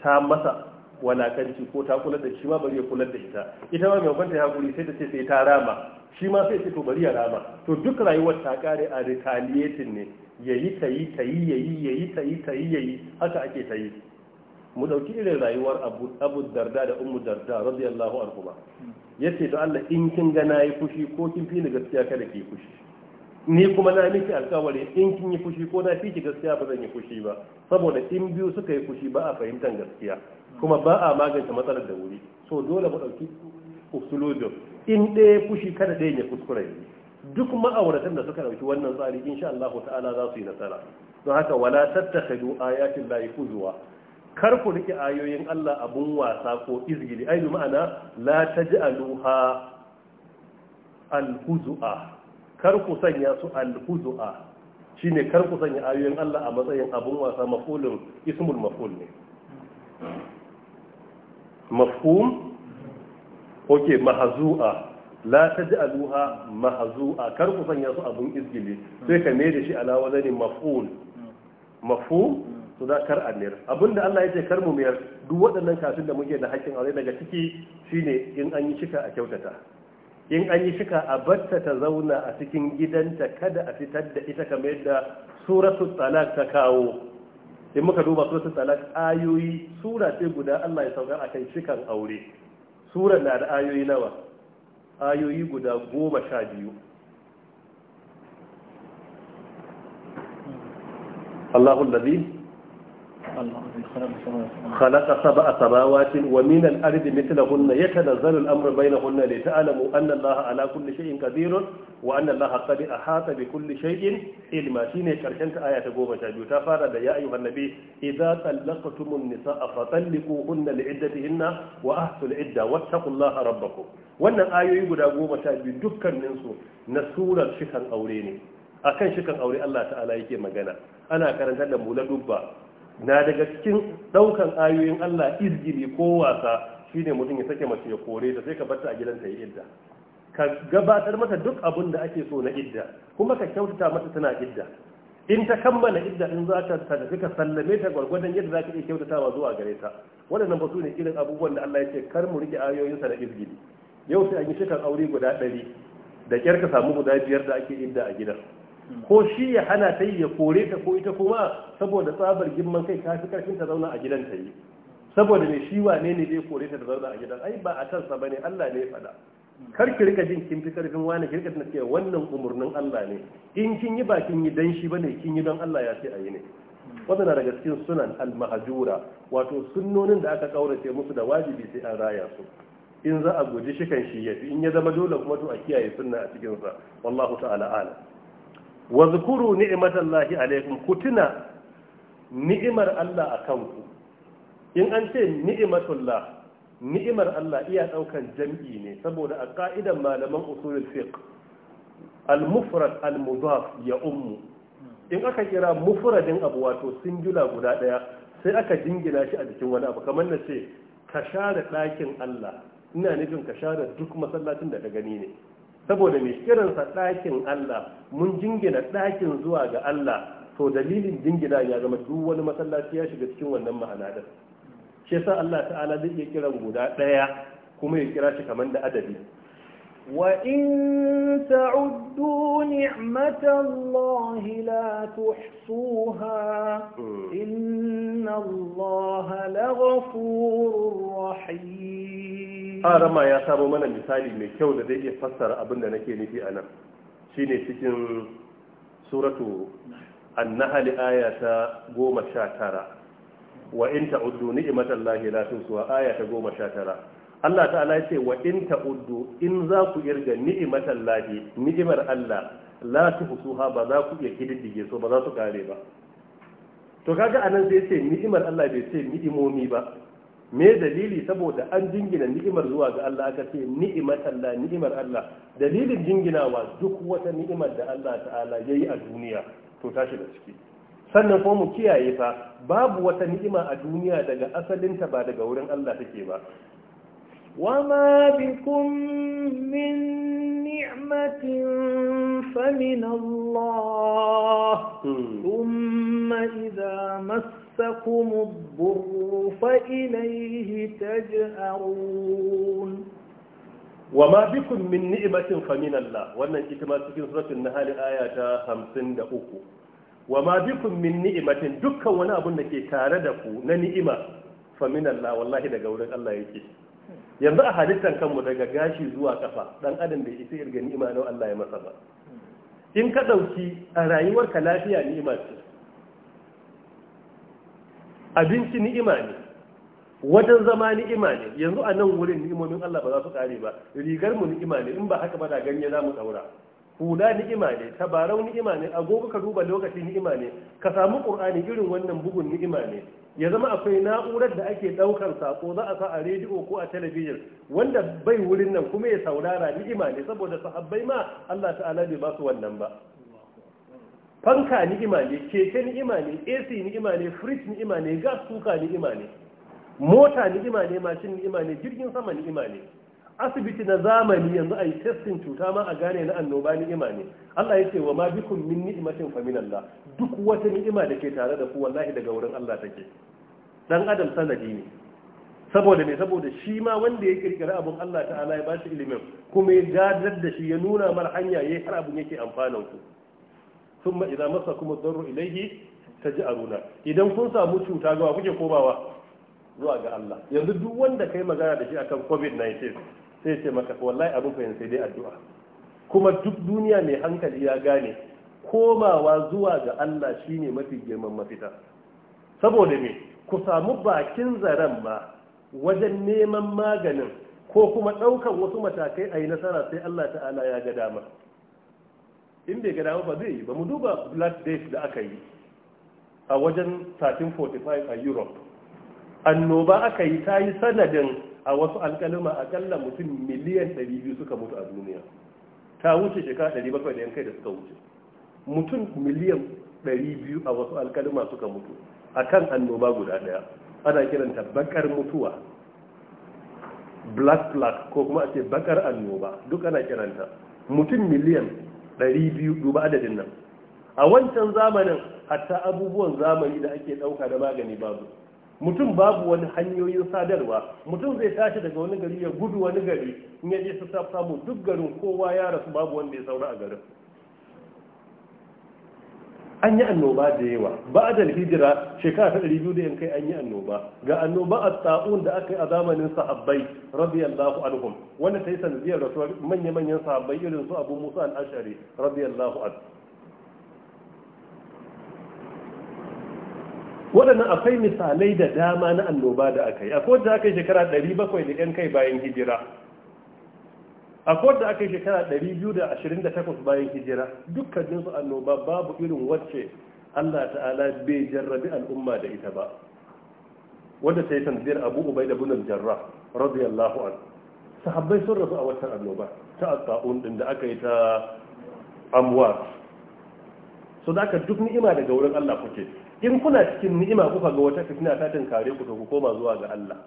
ta masa walakanci ko ta kula da shi ma bari ya kula da ita ita ma mai kwanta ya hakuri sai ta ce sai ta rama shi ma sai ce to bari ya rama to duk rayuwar ta kare a retaliating ne yayi tayi tayi yayi yayi tayi tayi yayi haka ake tayi mu ɗauki irin rayuwar abu darda da umu darda radiyallahu anhu ba yace to Allah in kin ga nayi fushi ko kin fi ni gaskiya kada ki fushi ni kuma na miki alƙawari in kin yi fushi ko na fi ki gaskiya ba zan yi fushi ba saboda in biyu suka yi fushi ba a fahimtar gaskiya kuma ba a magance matsalar da wuri so dole mu ɗauki usulujin in ɗaya fushi kada ɗaya ya kuskure duk ma'auratan da suka ɗauki wannan tsari insha Allah ta'ala za su yi nasara don haka wala tattakhidu ayatin la yuzuwa kar ku rike ayoyin Allah abun wasa ko izgili ai ma'ana la taj'aluha alhuzu'a kar ku sanya su al-huzu'a shine kar ku sanya ayoyin Allah a matsayin abun wasa maf'ulun ismul maf'ul ne mafhum oke mahzu'a la taj'aluha mahzu'a kar ku sanya su abun izgili sai ka mai da shi ala wazani maf'ul mafhum to za kar a mayar abinda Allah ya ce kar mu mayar duk waɗannan kafin da muke da haƙƙin aure daga ciki shine in an yi shika a kyautata in an yi shika a batta ta zauna a cikin gidanta kada a fitar da ita kamar yadda suratul talaq ta kawo in muka duba suratul talaq ayoyi sura ce guda Allah ya sauka akan shikan aure sura na da ayoyi nawa ayoyi guda goma sha biyu خلق سبع سماوات ومن الأرض مثلهن يتنزل الأمر بينهن لتعلموا أن الله على كل شيء قدير وأن الله قد أحاط بكل شيء علما شيني كرشنت آية قوم شابيو تفارد يا أيها النبي إذا طلقتم النساء فطلقوهن لعدتهن وأحسوا العدة واتقوا الله ربكم وأن آية يقول قوم شابيو دكا ننسو نسورة شكا أوريني akan shikan aure Allah ta'ala yake magana ana karantar da mu ladubba na daga cikin daukan ayoyin Allah izgiri ko wasa shi ne mutum ya sake mace ya kore ta sai ka barta a gidanta ya idda ka gabatar mata duk abin da ake so na idda kuma ka kyautata mata tana idda in ta kammala idda in za ta tafi ka sallame ta gwargwadon yadda za ka iya kyautatawa zuwa gare ta waɗannan ba su ne irin abubuwan da Allah ya ce kar mu rike ayoyinsa na izgiri yau sai an yi shekar aure guda ɗari da kyar ka samu guda biyar da ake idda a gidan ko shi ya hana ta yi ya kore ta ko ita kuma saboda tsabar girman kai ta fi karfin ta zauna a gidan ta yi saboda ne shi wa ne ne zai kore ta da zauna a gidan ai ba a sa bane Allah ne ya faɗa kar ki rika jin kin fi karfin wani ki rika cewa wannan umurnin Allah ne in kin yi ba kin yi dan shi bane kin yi dan Allah ya ce a yi ne wannan daga cikin sunan al-mahjura wato sunnonin da aka kaurace musu da wajibi sai an raya su in za a guji shikan shi yafi in ya zama dole kuma to a kiyaye sunna a cikin sa wallahu ta'ala a'lam wa zukuru ni'matallahi alaikum ku tuna ni'imar Allah akan ku in an ce ni'imatullah ni'imar Allah iya daukan jam'i ne saboda a ka'idan malaman usulul fiqh al-mufrad al-mudaf ya ummu in aka kira mufradin abu wato singular guda daya sai aka jingina shi a jikin wani abu kamar na ce ka share ɗakin Allah ina nufin ka share duk masallacin da ka gani ne saboda mai kiransa ɗakin Allah mun jingina ɗakin zuwa ga Allah to dalilin jingina ya zama duk wani masallaci ya shiga cikin wannan ma'ana din shi yasa Allah ta'ala zai iya kiran guda ɗaya kuma ya kira shi kamar da adabi وإن تعدوا نعمة الله لا تحصوها إن الله لغفور رحيم آرما ما يا سامو من المثال من كون ذي يفسر أبننا نكيني في أنا شيني سكن سورة النحل آية قوم الشاترة وإن تعدوا نعمة الله لا تحصوها آية قوم الشاترة Allah ta'ala ya ce wa in ta'uddu in za ku irga ni'imar Allah ni'imar Allah la tuhsuha ba za ku iya kididdige so ba za su kare ba to kaga anan sai ce ni'imar Allah bai ce ni'imomi ba me dalili saboda an jingina ni'imar zuwa ga Allah aka ce ni'imar Allah ni'imar Allah dalilin jinginawa duk wata ni'imar da Allah ta'ala yayi a duniya to tashi da ciki sannan kuma mu kiyaye fa babu wata ni'ima a duniya daga asalinta ba daga wurin Allah take ba وما بكم من نعمة فمن الله ثم إذا مسكم الضر فإليه تجأرون وما بكم من نعمة فمن الله وانا اتما سكين سورة النهال آية 53 وما بكم من نعمة دكا وانا أبنك تاردكو ننعمة فمن الله والله دقا ورد الله يكي yanzu a halittar kanmu daga gashi zuwa kafa dan adam bai isa irga ni'ima na Allah ya masa ba in ka dauki a rayuwarka lafiya ni'ima ce abinci ni'ima ne wajen zama ni'ima ne yanzu a nan wurin ni'imomin Allah ba za su kare ba rigar mu ni'ima ne in ba haka ba da ganye za mu daura hula ni'ima ne tabarau ni'ima ne a gobe ka duba lokaci ni'ima ne ka samu qur'ani irin wannan bugun ni'ima ne ya zama akwai na'urar da ake daukar sako za a sa a rediyo ko a talabijin wanda bai wurin nan kuma ya saurara ni'ima ne saboda sahabbai ma Allah ta'ala bai ba su wannan ba fanka ni'ima ne keke ni'ima ne AC ni'ima ne fridge ni'ima ne gas cooker ni'ima ne mota ni'ima ne mashin ni'ima ne jirgin sama ni'ima ne asibiti na zamani yanzu a yi testin cuta ma a gane na annoba ni'ima ne Allah ya ce wa ma bikum min ni'imatin fa min Allah duk wata ni'ima da ke tare da ku wallahi daga wurin Allah take dan adam sanadi ne saboda me saboda shi ma wanda ya kirkira abun Allah ta'ala ya bashi ilimin kuma ya gadar da shi ya nuna mar hanya yayi har abun yake amfanan ku thumma idza masakum ad-darru ilayhi taj'aluna idan kun samu cuta ga kuke komawa zuwa ga Allah yanzu duk wanda kai magana da shi akan covid-19 sai ce maka wallahi abin fahimta sai dai addu'a kuma duk duniya mai hankali ya gane komawa zuwa ga Allah shine mafi girman mafita saboda me ku samu bakin zaren ba wajen neman maganin ko kuma ɗaukar wasu matakai a yi nasara sai Allah ta'ala ya ga dama in bai ga dama ba zai yi ba mu duba black death da aka yi a wajen 1345 a europe annoba aka yi ta yi sanadin a wasu alkalima akalla mutum miliyan 200 suka mutu a duniya ta wuce shekara 700 da yankai da suka wuce mutum miliyan 200 a wasu alkalima suka mutu a kan annoba guda daya ana kiranta bakar mutuwa black black ko kuma a ce bakar annoba duk ana kiranta mutum miliyan 200 duba adadin nan a wancan zamanin hatta abubuwan zamani da ake dauka da magani babu mutum babu wani hanyoyin sadarwa mutum zai tashi daga wani gari ya gudu wani gari in ya je su samu duk garin kowa ya rasu babu wanda ya saura a garin an yi annoba da yawa ba a hijira shekara ta 200 da yankai an yi annoba ga annoba a tsaun da aka yi a zamanin sahabbai radiyallahu anhum wanda ta yi sanadiyar rasuwar manya-manyan sahabbai irin su abu musa al-ashari radiyallahu anhu waɗannan akwai misalai da dama na annoba da aka yi akwai wadda aka yi shekara 700 da yan kai bayan hijira akwai wadda aka yi shekara 228 bayan hijira dukkaninsu annoba babu irin wacce Allah ta'ala bai jarrabi al'umma da ita ba wadda ta yi sanadiyar abu ubai da bunan jarra radiyallahu an sahabbai sun rasu a watan annoba ta asa'un din da aka yi ta amwar so da aka duk ni'ima daga wurin Allah kuke in kuna cikin ni'ima kuka ga wata fitina ta kare ku to ku koma zuwa ga Allah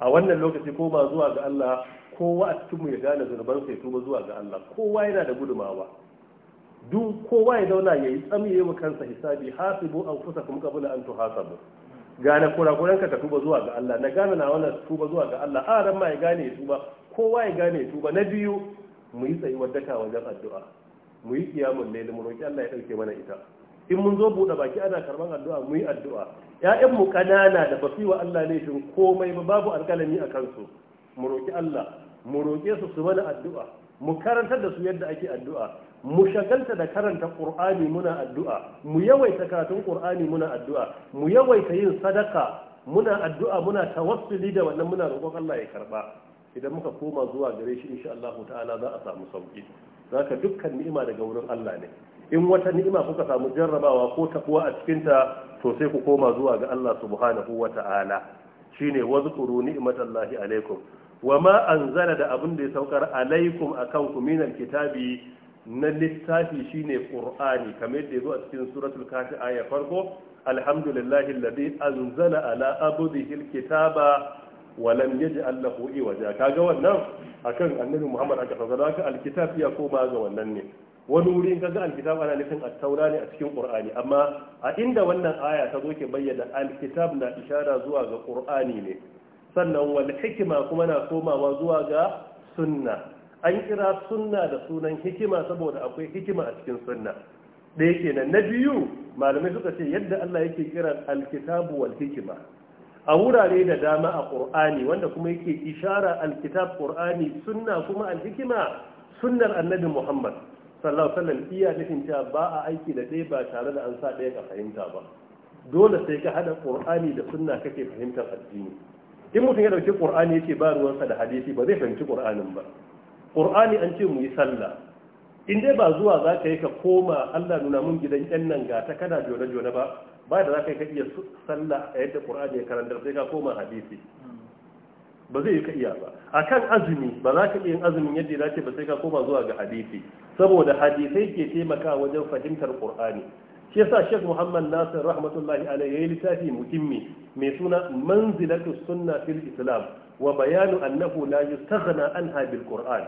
a wannan lokaci koma zuwa ga Allah kowa a cikin mu ya gane zunuban sai tuba zuwa ga Allah kowa yana da gudumawa duk kowa ya zauna yayi tsamiye wa kansa hisabi hasibu anfusakum qabla an tuhasabu gane kurakuran ka tuba zuwa ga Allah na gane na wannan tuba zuwa ga Allah a ran ma ya gane tuba kowa ya gane tuba na biyu mu yi tsayuwar daka wajen addu'a mu yi kiyamun laili mu roki Allah ya dauke mana ita in mun zo buɗe baki ana karban addu'a mu yi addu'a 'ya'yan mu ƙanana da ba su yi wa Allah laifin komai ba babu alƙalami a kansu mu roƙi Allah mu roƙe su su mana addu'a mu karantar da su yadda ake addu'a mu shagalta da karanta qur'ani muna addu'a mu yawaita karatun qur'ani muna addu'a mu yawaita yin sadaka muna addu'a muna tawassuli da wannan muna roƙon Allah ya karɓa idan muka koma zuwa gare shi insha Allah ta'ala za a samu sauki zaka dukkan ni'ima daga wurin Allah ne in wata ni'ima kuka samu jarrabawa ko ta taɓuwa a cikinta to sai ku koma zuwa ga Allah subhanahu wa ta'ala shine wazkuru ni'matallahi alaikum wa ma anzala da abin da ya saukar alaikum akan ku minal kitabi na littafi shine qur'ani kamar yadda yazo a cikin suratul kafi aya farko alhamdulillahi alladhi anzala ala abdihi alkitaba wa lam yaj'al lahu iwaja kaga wannan akan annabi Muhammad aka saukar alkitab ya koma ga wannan ne wani wuri in kaga alkitab ana nufin at-taura ne a cikin qur'ani amma a inda wannan aya ta zo ke bayyana alkitab na ishara zuwa ga qur'ani ne sannan wal hikima kuma na komawa zuwa ga sunna an kira sunna da sunan hikima saboda akwai hikima a cikin sunna da yake nan na biyu malamai suka ce yadda Allah yake kira alkitab wal hikima a wurare da dama a qur'ani wanda kuma yake ishara alkitab qur'ani sunna kuma alhikima sunnar annabi Muhammad sallallahu sallam iya nufin cewa ba a aiki da ɗaya ba tare da an sa ɗaya ka fahimta ba dole sai ka haɗa ƙur'ani da sunna kake fahimtar addini in mutum ya ɗauki ƙur'ani yake ba ruwan sa da hadisi ba zai fahimci ƙur'anin ba ƙur'ani an ce mu yi sallah in dai ba zuwa za ka yi ka koma allah nuna mun gidan yan nan ga ta kana jone jone ba ba da za ka yi ka iya sallah a yadda ƙur'ani ya karanta sai ka koma hadisi ba zai yi ka iya ba kan azumi ba za ka iya azumin yadda dace ba sai ka koma zuwa ga hadisi saboda hadisai ke taimaka wajen fahimtar qur'ani shi yasa Sheikh Muhammad Nasir rahmatullahi alaihi yayi littafi muhimmi mai suna manzilatu sunna fil islam wa bayanu annahu la yustaghna anha bil qur'an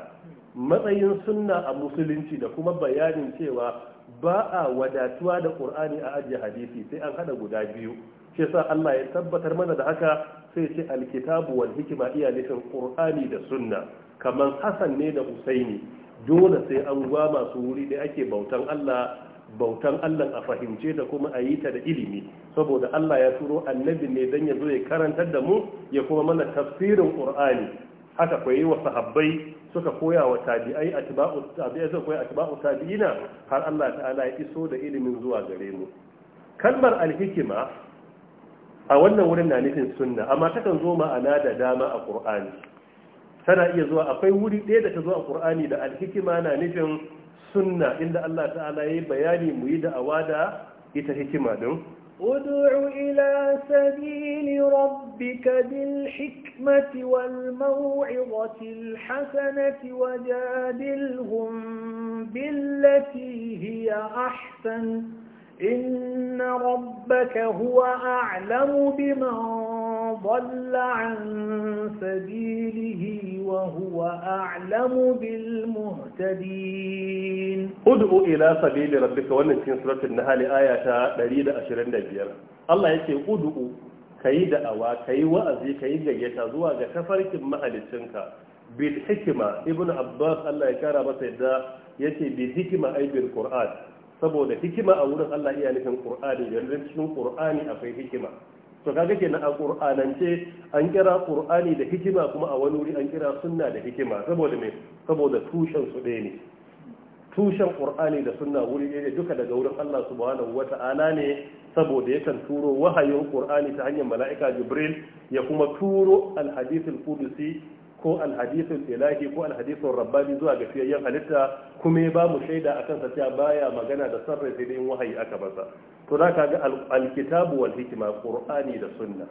matsayin sunna a musulunci da kuma bayanin cewa ba a wadatuwa da qur'ani a ajiye hadisi sai an hada guda biyu shi yasa Allah ya tabbatar mana da haka sai ce alkitabu wal hikima iya nufin qur'ani da sunna kamar hasan ne da Usaini. dole sai an gwa masu wuri da ake bautan allah bautan allah a fahimce da kuma a yi ta da ilimi saboda allah ya turo annabi ne don ya zo ya karantar da mu ya kuma mana tafsirin qur'ani haka kwaye wa sahabbai suka koya wa tabi'ai atba'u tabi'ai tabi'ina har allah ta'ala ya iso da ilimin zuwa gare mu kalmar alhikima a wannan wurin na nufin sunna amma takan zo ma'ana da dama a ƙur'ani tana iya zuwa akwai wuri ɗaya da ta zo a ƙur'ani da alhikima na nufin sunna inda Allah ta'ala ya yi bayani mu yi da'awa da ita hikima din ادع إلى سبيل ربك بالحكمة والموعظة الحسنة وجادلهم بالتي هي Ahsan. إن ربك هو أعلم بمن ضل عن سبيله وهو أعلم بالمهتدين ادعو إلى سبيل ربك ونسين سورة النهال آية دليل أشرين دبير الله يقول ادعو كي دعوة كي وأزي كي يتزوى زوا كفرك السنكة بالحكمة ابن عباس الله يكرمه سيدا يتي بالحكمة أي بالقرآن saboda hikima a wurin Allah iya nufin Qur'ani yanzu cikin Qur'ani akwai hikima to kaga kenan a Qur'anance an kira Qur'ani da hikima kuma a wani wuri an kira sunna da hikima saboda me saboda tushen su ɗaya ne tushen Qur'ani da sunna wuri ɗaya duka daga wurin Allah subhanahu wata'ala ne saboda ya kan turo wahayin Qur'ani ta hanyar mala'ika Jibril ya kuma turo al-hadith al-qudsi ko alhadisin ilahi ko alhadisin rabbani zuwa ga fiyayyen halitta kuma ya bamu shaida akan sa cewa baya magana da sarrai sai dai wahayi aka masa to da kaga alkitabu wal hikima, qur'ani da sunna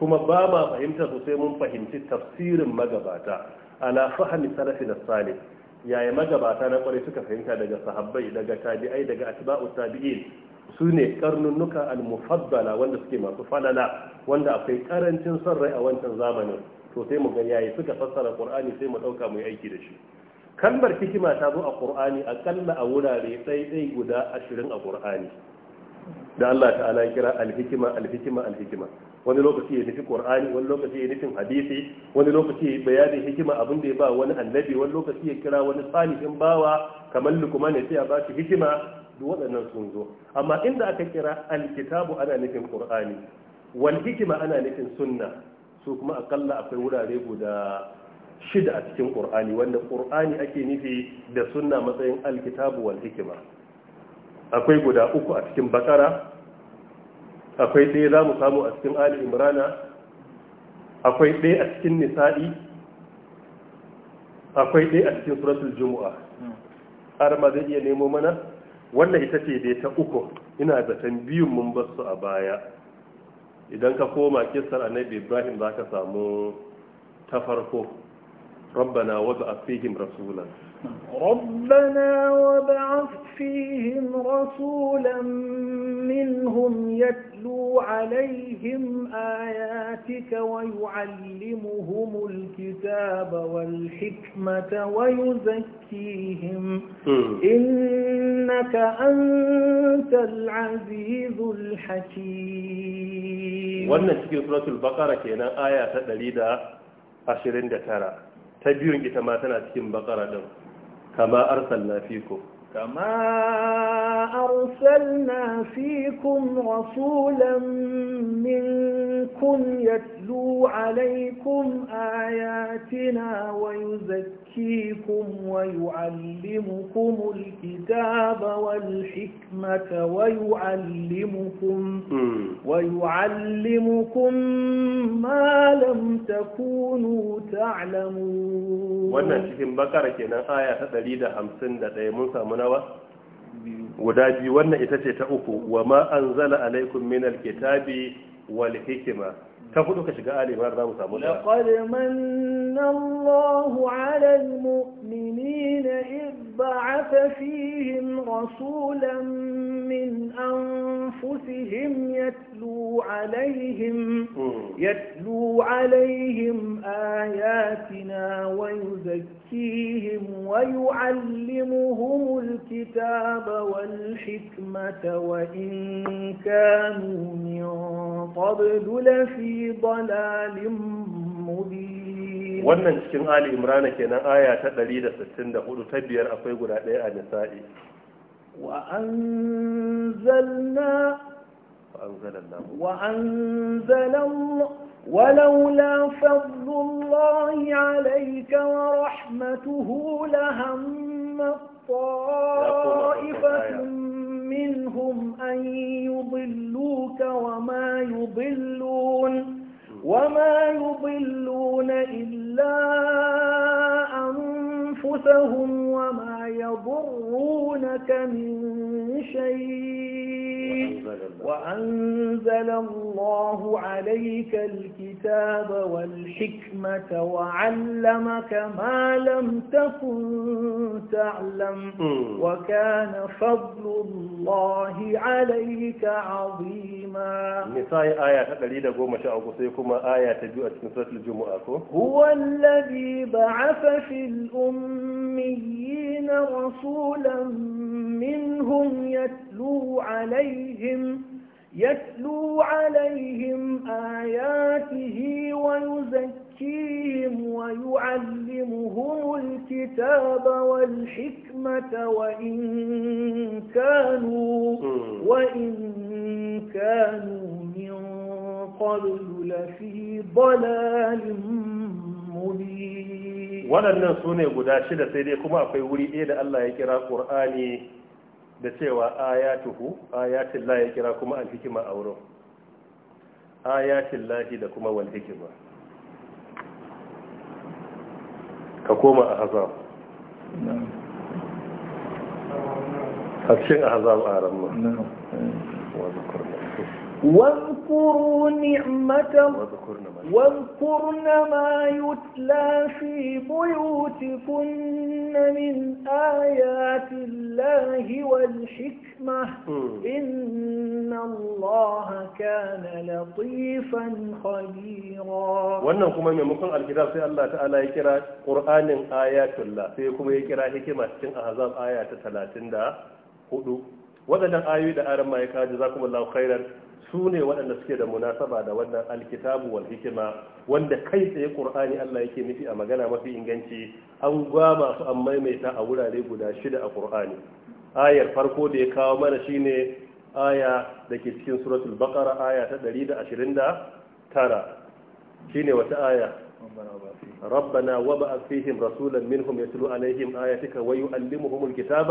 kuma ba ma fahimta sosai mun fahimci tafsirin magabata ala fahmi da salih yaya magabata na kwarai suka fahimta daga sahabbai daga tabi'ai daga atba'u tabi'in su ne karnunnuka al-mufaddala wanda suke masu falala wanda akwai karancin son rai a wancan zamanin to sai mu ga yayi suka fassara qur'ani sai mu dauka mu yi aiki da shi kalmar hikima ta zo a qur'ani akalla a wurare ɗaiɗai guda 20 a qur'ani da Allah ta'ala kira alhikima alhikima alhikima wani lokaci ya nufi qur'ani wani lokaci ya nufin hadisi wani lokaci ya bayani hikima abin da ya ba wani annabi wani lokaci ya kira wani salihin bawa kamar lukman ya ce ya bashi hikima duk waɗannan sun zo amma inda aka kira alkitabu ana nufin qur'ani wal hikima ana nufin sunna su kuma akalla akwai wurare guda shida a cikin ƙur'ani wanda ƙur'ani ake nufi da sunna matsayin alkitabu wal hikima akwai guda uku a cikin bakara akwai ɗaya za mu samu a cikin ali imrana akwai ɗaya a cikin nisa'i akwai ɗaya a cikin suratul jumu'a har ma zai iya nemo mana wannan ita ce dai ta uku ina zaton biyun mun basu a baya idan ka koma kissar annabi ibrahim za ka samu ta farko rabbana wadda a fihim rasulan ربنا وابعث فيهم رسولا منهم يتلو عليهم آياتك ويعلمهم الكتاب والحكمة ويزكيهم إنك أنت العزيز الحكيم وانا cikin سورة البقرة kenan aya ta 129 ta biyun ita ma tana cikin كما أرسلنا فيكم كما أرسلنا فيكم رسولا منكم يتلو عليكم آياتنا ويزكي يزكيكم ويعلمكم الكتاب والحكمة ويعلمكم hmm. ويعلمكم ما لم تكونوا تعلمون wannan cikin bakara kenan aya ta 151 mun samu nawa guda biyu wannan ita ce ta uku wa ma anzala alaikum minal kitabi wal hikma كفدوك شقاء آل إمران سامو لقد من الله على المؤمنين إذ بعث فيهم رسولا من أنفسهم يتلو عليهم يتلو عليهم آياتنا ويزكيهم ويعلمهم الكتاب والحكمة وإن كانوا من قبل لفي في ضلال مبين wannan cikin Ali Imran kenan aya ta 164 ta biyar akwai guda ɗaya a nisa'i wa anzalna wa anzalna ولولا فضل الله عليك ورحمته لهم طائفة منهم أن يضلوك وما يضلون وما يضلون إلا أنفسهم أنفسهم وما يضرونك من شيء وأنزل الله عليك الكتاب والحكمة وعلمك ما لم تكن تعلم وكان فضل الله عليك عظيما نساء آية تقليد قوم شاء سيكما آية تجوء الجمعة هو الذي بعث في الأمة الأميين رسولا منهم يتلو عليهم يتلو عليهم آياته ويزكيهم ويعلمهم الكتاب والحكمة وإن كانوا وإن كانوا من قبل لفي ضلال muni waɗannan su ne guda shida sai dai kuma akwai wuri ɗaya da Allah ya kira ƙur'ani da cewa ayatuhu ayatin la ya kira kuma alhikima a wurin ayatin lahi da kuma walhikima. ka koma a hazam a cikin a hazam a ranar واذكروا نعمة واذكرن ما يتلى في بيوتكن من آيات الله والحكمة إن الله كان لطيفا خبيرا wannan kuma maimakon alkitab sai Allah ta'ala ya kira Qur'anin ayatullah sai kuma ya kira hikima cikin ahzab aya ta 34 waɗannan ayoyi da aran ma ya kaji su ne waɗanda suke da munasaba da wannan alkitabu wal hikima wanda kai tsaye qur'ani Allah yake nufi a magana mafi inganci an gwama su an maimaita a wurare guda shida a qur'ani ayar farko da ya kawo mana shine aya da ke cikin suratul baqara aya ta 129 shine wata aya ربنا وبعث فيهم رسولا منهم يتلو عليهم آياتك ويعلمهم الكتاب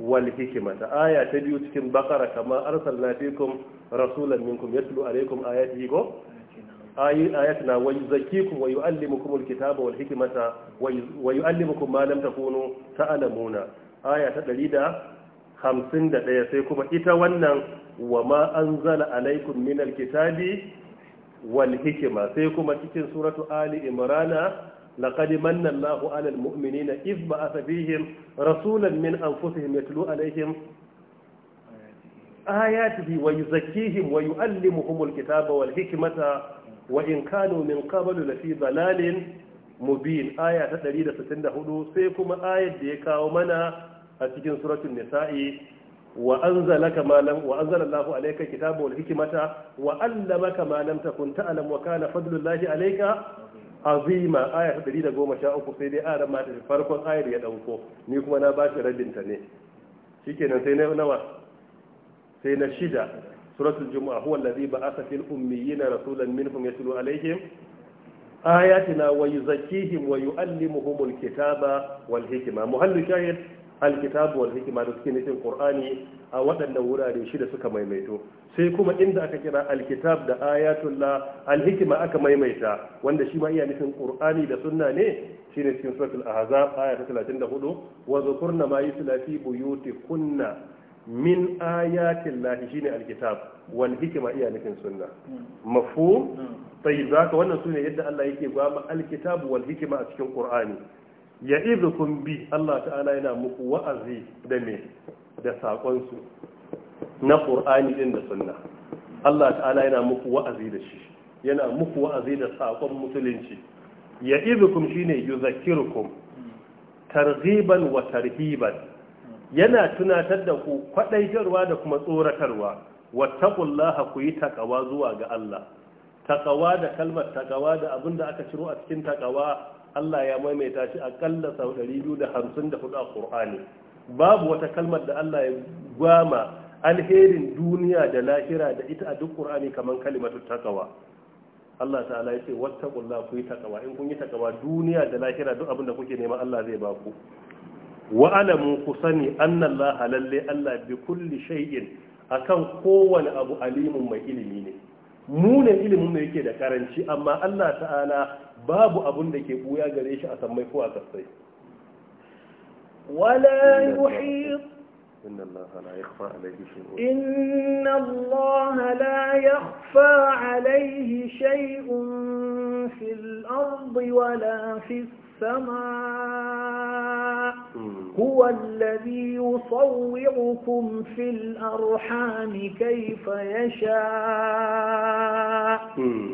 والحكمة آية تبيو تكن بقرة كما أرسلنا فيكم رسولا منكم يتلو عليكم آياته آياتنا ويزكيكم ويعلمكم الكتاب والحكمة ويعلمكم ما لم تكونوا تعلمون آية تدليد خمسين دقيقة سيكم إتوانا وما أنزل عليكم من الكتاب wal hikima sai kuma cikin suratu ali imrana laqad manna allahu ala al mu'minina iz ba'atha bihim rasulan min anfusihim yatlu alayhim ayatihi wa yuzakkihim wa yu'allimuhum al kitaba wal hikmata wa in kanu min qablu lafi dalalin mubin aya ta 164 sai kuma ayat da ya kawo mana a cikin suratun nisa'i wa anzala kama lam wa anzala Allahu alayka kitaba wal hikmata wa allama kama lam takun ta'lam wa kana fadlullahi alayka azima aya 113 sai dai aramata ta farkon ayar ya dauko ni kuma na bashi rabin ta ne shikenan sai na nawa sai na shida suratul jumu'a huwa alladhi ba'atha fil ummiyina rasulan minhum yatlu alayhim ayatina wa yuzakkihim wa yu'allimuhumul kitaba wal hikma muhallu shahid alkitabu wal hikima da suke nufin qur'ani a waɗannan wurare shida suka maimaito sai kuma inda aka kira alkitab da ayatullah alhikima aka maimaita wanda shi ma iya nufin qur'ani da sunna ne shine cikin suratul ahzab aya ta 34 wa zukurna ma yusla fi buyutikunna min lahi shine alkitab wal hikima iya nufin sunna mafhum hmm. tayyib zaka wannan sune yadda Allah yake gwama alkitab wal hikima a cikin qur'ani ya izukun bi Allah ta'ala yana muku wa'azi da me da saƙonsu na ƙur'ani ɗin da sunna Allah ta'ala yana muku wa'azi da shi yana muku wa'azi da saƙon musulunci ya izukun shi ne yuzakirukum targhiban wa tarhiban yana tunatar da ku kwaɗaitarwa da kuma tsoratarwa wattaqullaha ku yi takawa zuwa ga Allah takawa da kalmar takawa da abin da aka ciro a cikin takawa Allah ya maimaita shi akalla sau 254 a Kur'ani. babu wata kalmar da Allah ya gwama alherin duniya da lahira da ita a duk ƙur'ani kaman kalimatu takawa. Allah ta'ala ya ce wattaqullaha ku yi takawa, in kun yi takawa duniya da lahira duk abinda kuke nema Allah zai ba ku wa alamu ku sani laha lalle Allah bi kulli shay'in akan kowane abu alimin mai ilimi ne Munan ilimin mu yake da karanci amma Allah ta'ala babu abun da ke buya gare shi a sammai ko a kasai wala yuhit إن الله لا يخفى عليه شيء إن الله لا يخفى عليه شيء في الأرض ولا في السماء السماء هو الذي يصوركم في الأرحام كيف يشاء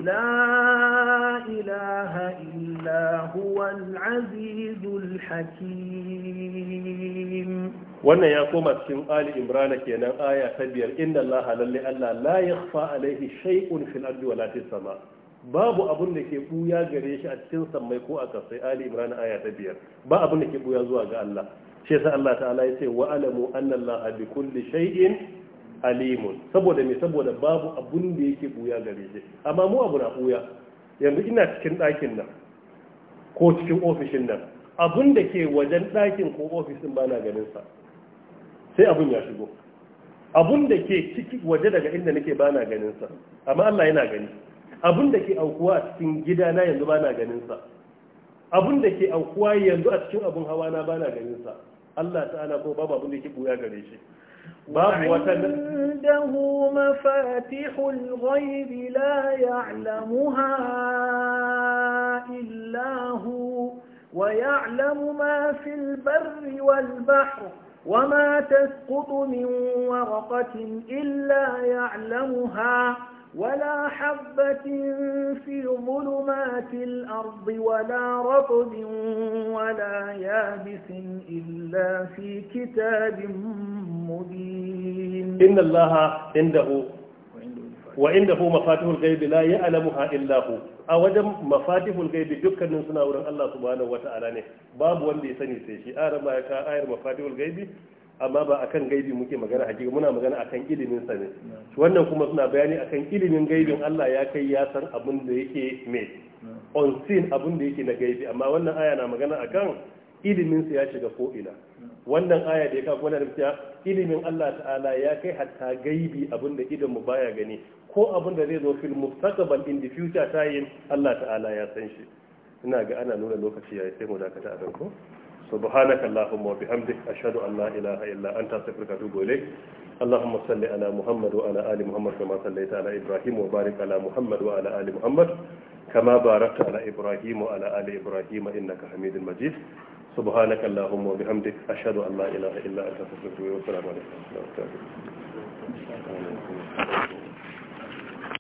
لا إله إلا هو العزيز الحكيم wannan ya koma cikin Ali Imran kenan aya ta biyar inna Allah lalle Allah la yakhfa alaihi shay'un fil ardi wala fis sama' babu abun da ke buya gare shi a cikin sammai ko a kasai ali imran aya ta biyar ba abun da ke buya zuwa ga Allah shi yasa Allah ta'ala ya ce wa alamu anna Allah bi kulli shay'in alimun saboda me saboda babu abun da yake buya gare shi amma mu abu na buya yanzu ina cikin ɗakin nan ko cikin ofishin nan abun da ke wajen ɗakin ko ofishin ba na ganin sa sai abun ya shigo abun da ke ciki waje daga inda nake ba na ganin sa amma Allah yana gani abin da ke aukuwa a cikin gidana yanzu ba na ganinsa abin da ke aukuwa yanzu a cikin abin hawa na ba na ganinsa Allah ta'ala ko babu abin da ke buya gare shi babu wata عنده مفاتح الغيب لا يعلمها إلا هو ويعلم ما في البر والبحر وما تسقط من ورقة إلا يعلمها ولا حبة في ظلمات الأرض ولا رطب ولا يابس إلا في كتاب مبين إن الله عنده وعنده مفاتيح الغيب لا يعلمها إلا هو a wajen mafatihul gaibi dukkanin suna wurin Allah subhanahu wata'ala ne babu wanda ya sani sai shi amma ba akan gaibi muke magana hakika muna magana akan ilimin sa ne wannan kuma suna bayani akan ilimin gaibin Allah ya kai ya san abin da yake me on scene abin da yake na gaibi amma wannan aya na magana akan ilimin sa ya shiga ko ina wannan aya da ya kafa wani rubuta ilimin Allah ta'ala ya kai hatta gaibi abin da idan mu baya gani ko abin da zai zo fil mustaqbal in the future time Allah ta'ala ya san shi ina ga ana nuna lokaci yayi sai mu dakata a ko سبحانك اللهم وبحمدك أشهد أن لا إله إلا أنت أستغفرك وأتوب إليك اللهم صل على محمد وعلى آل محمد كما صليت على إبراهيم وبارك على محمد وعلى آل محمد كما باركت على إبراهيم وعلى آل إبراهيم إنك حميد مجيد سبحانك اللهم وبحمدك أشهد أن لا إله إلا أنت أستغفرك وأتوب إليك والسلام عليكم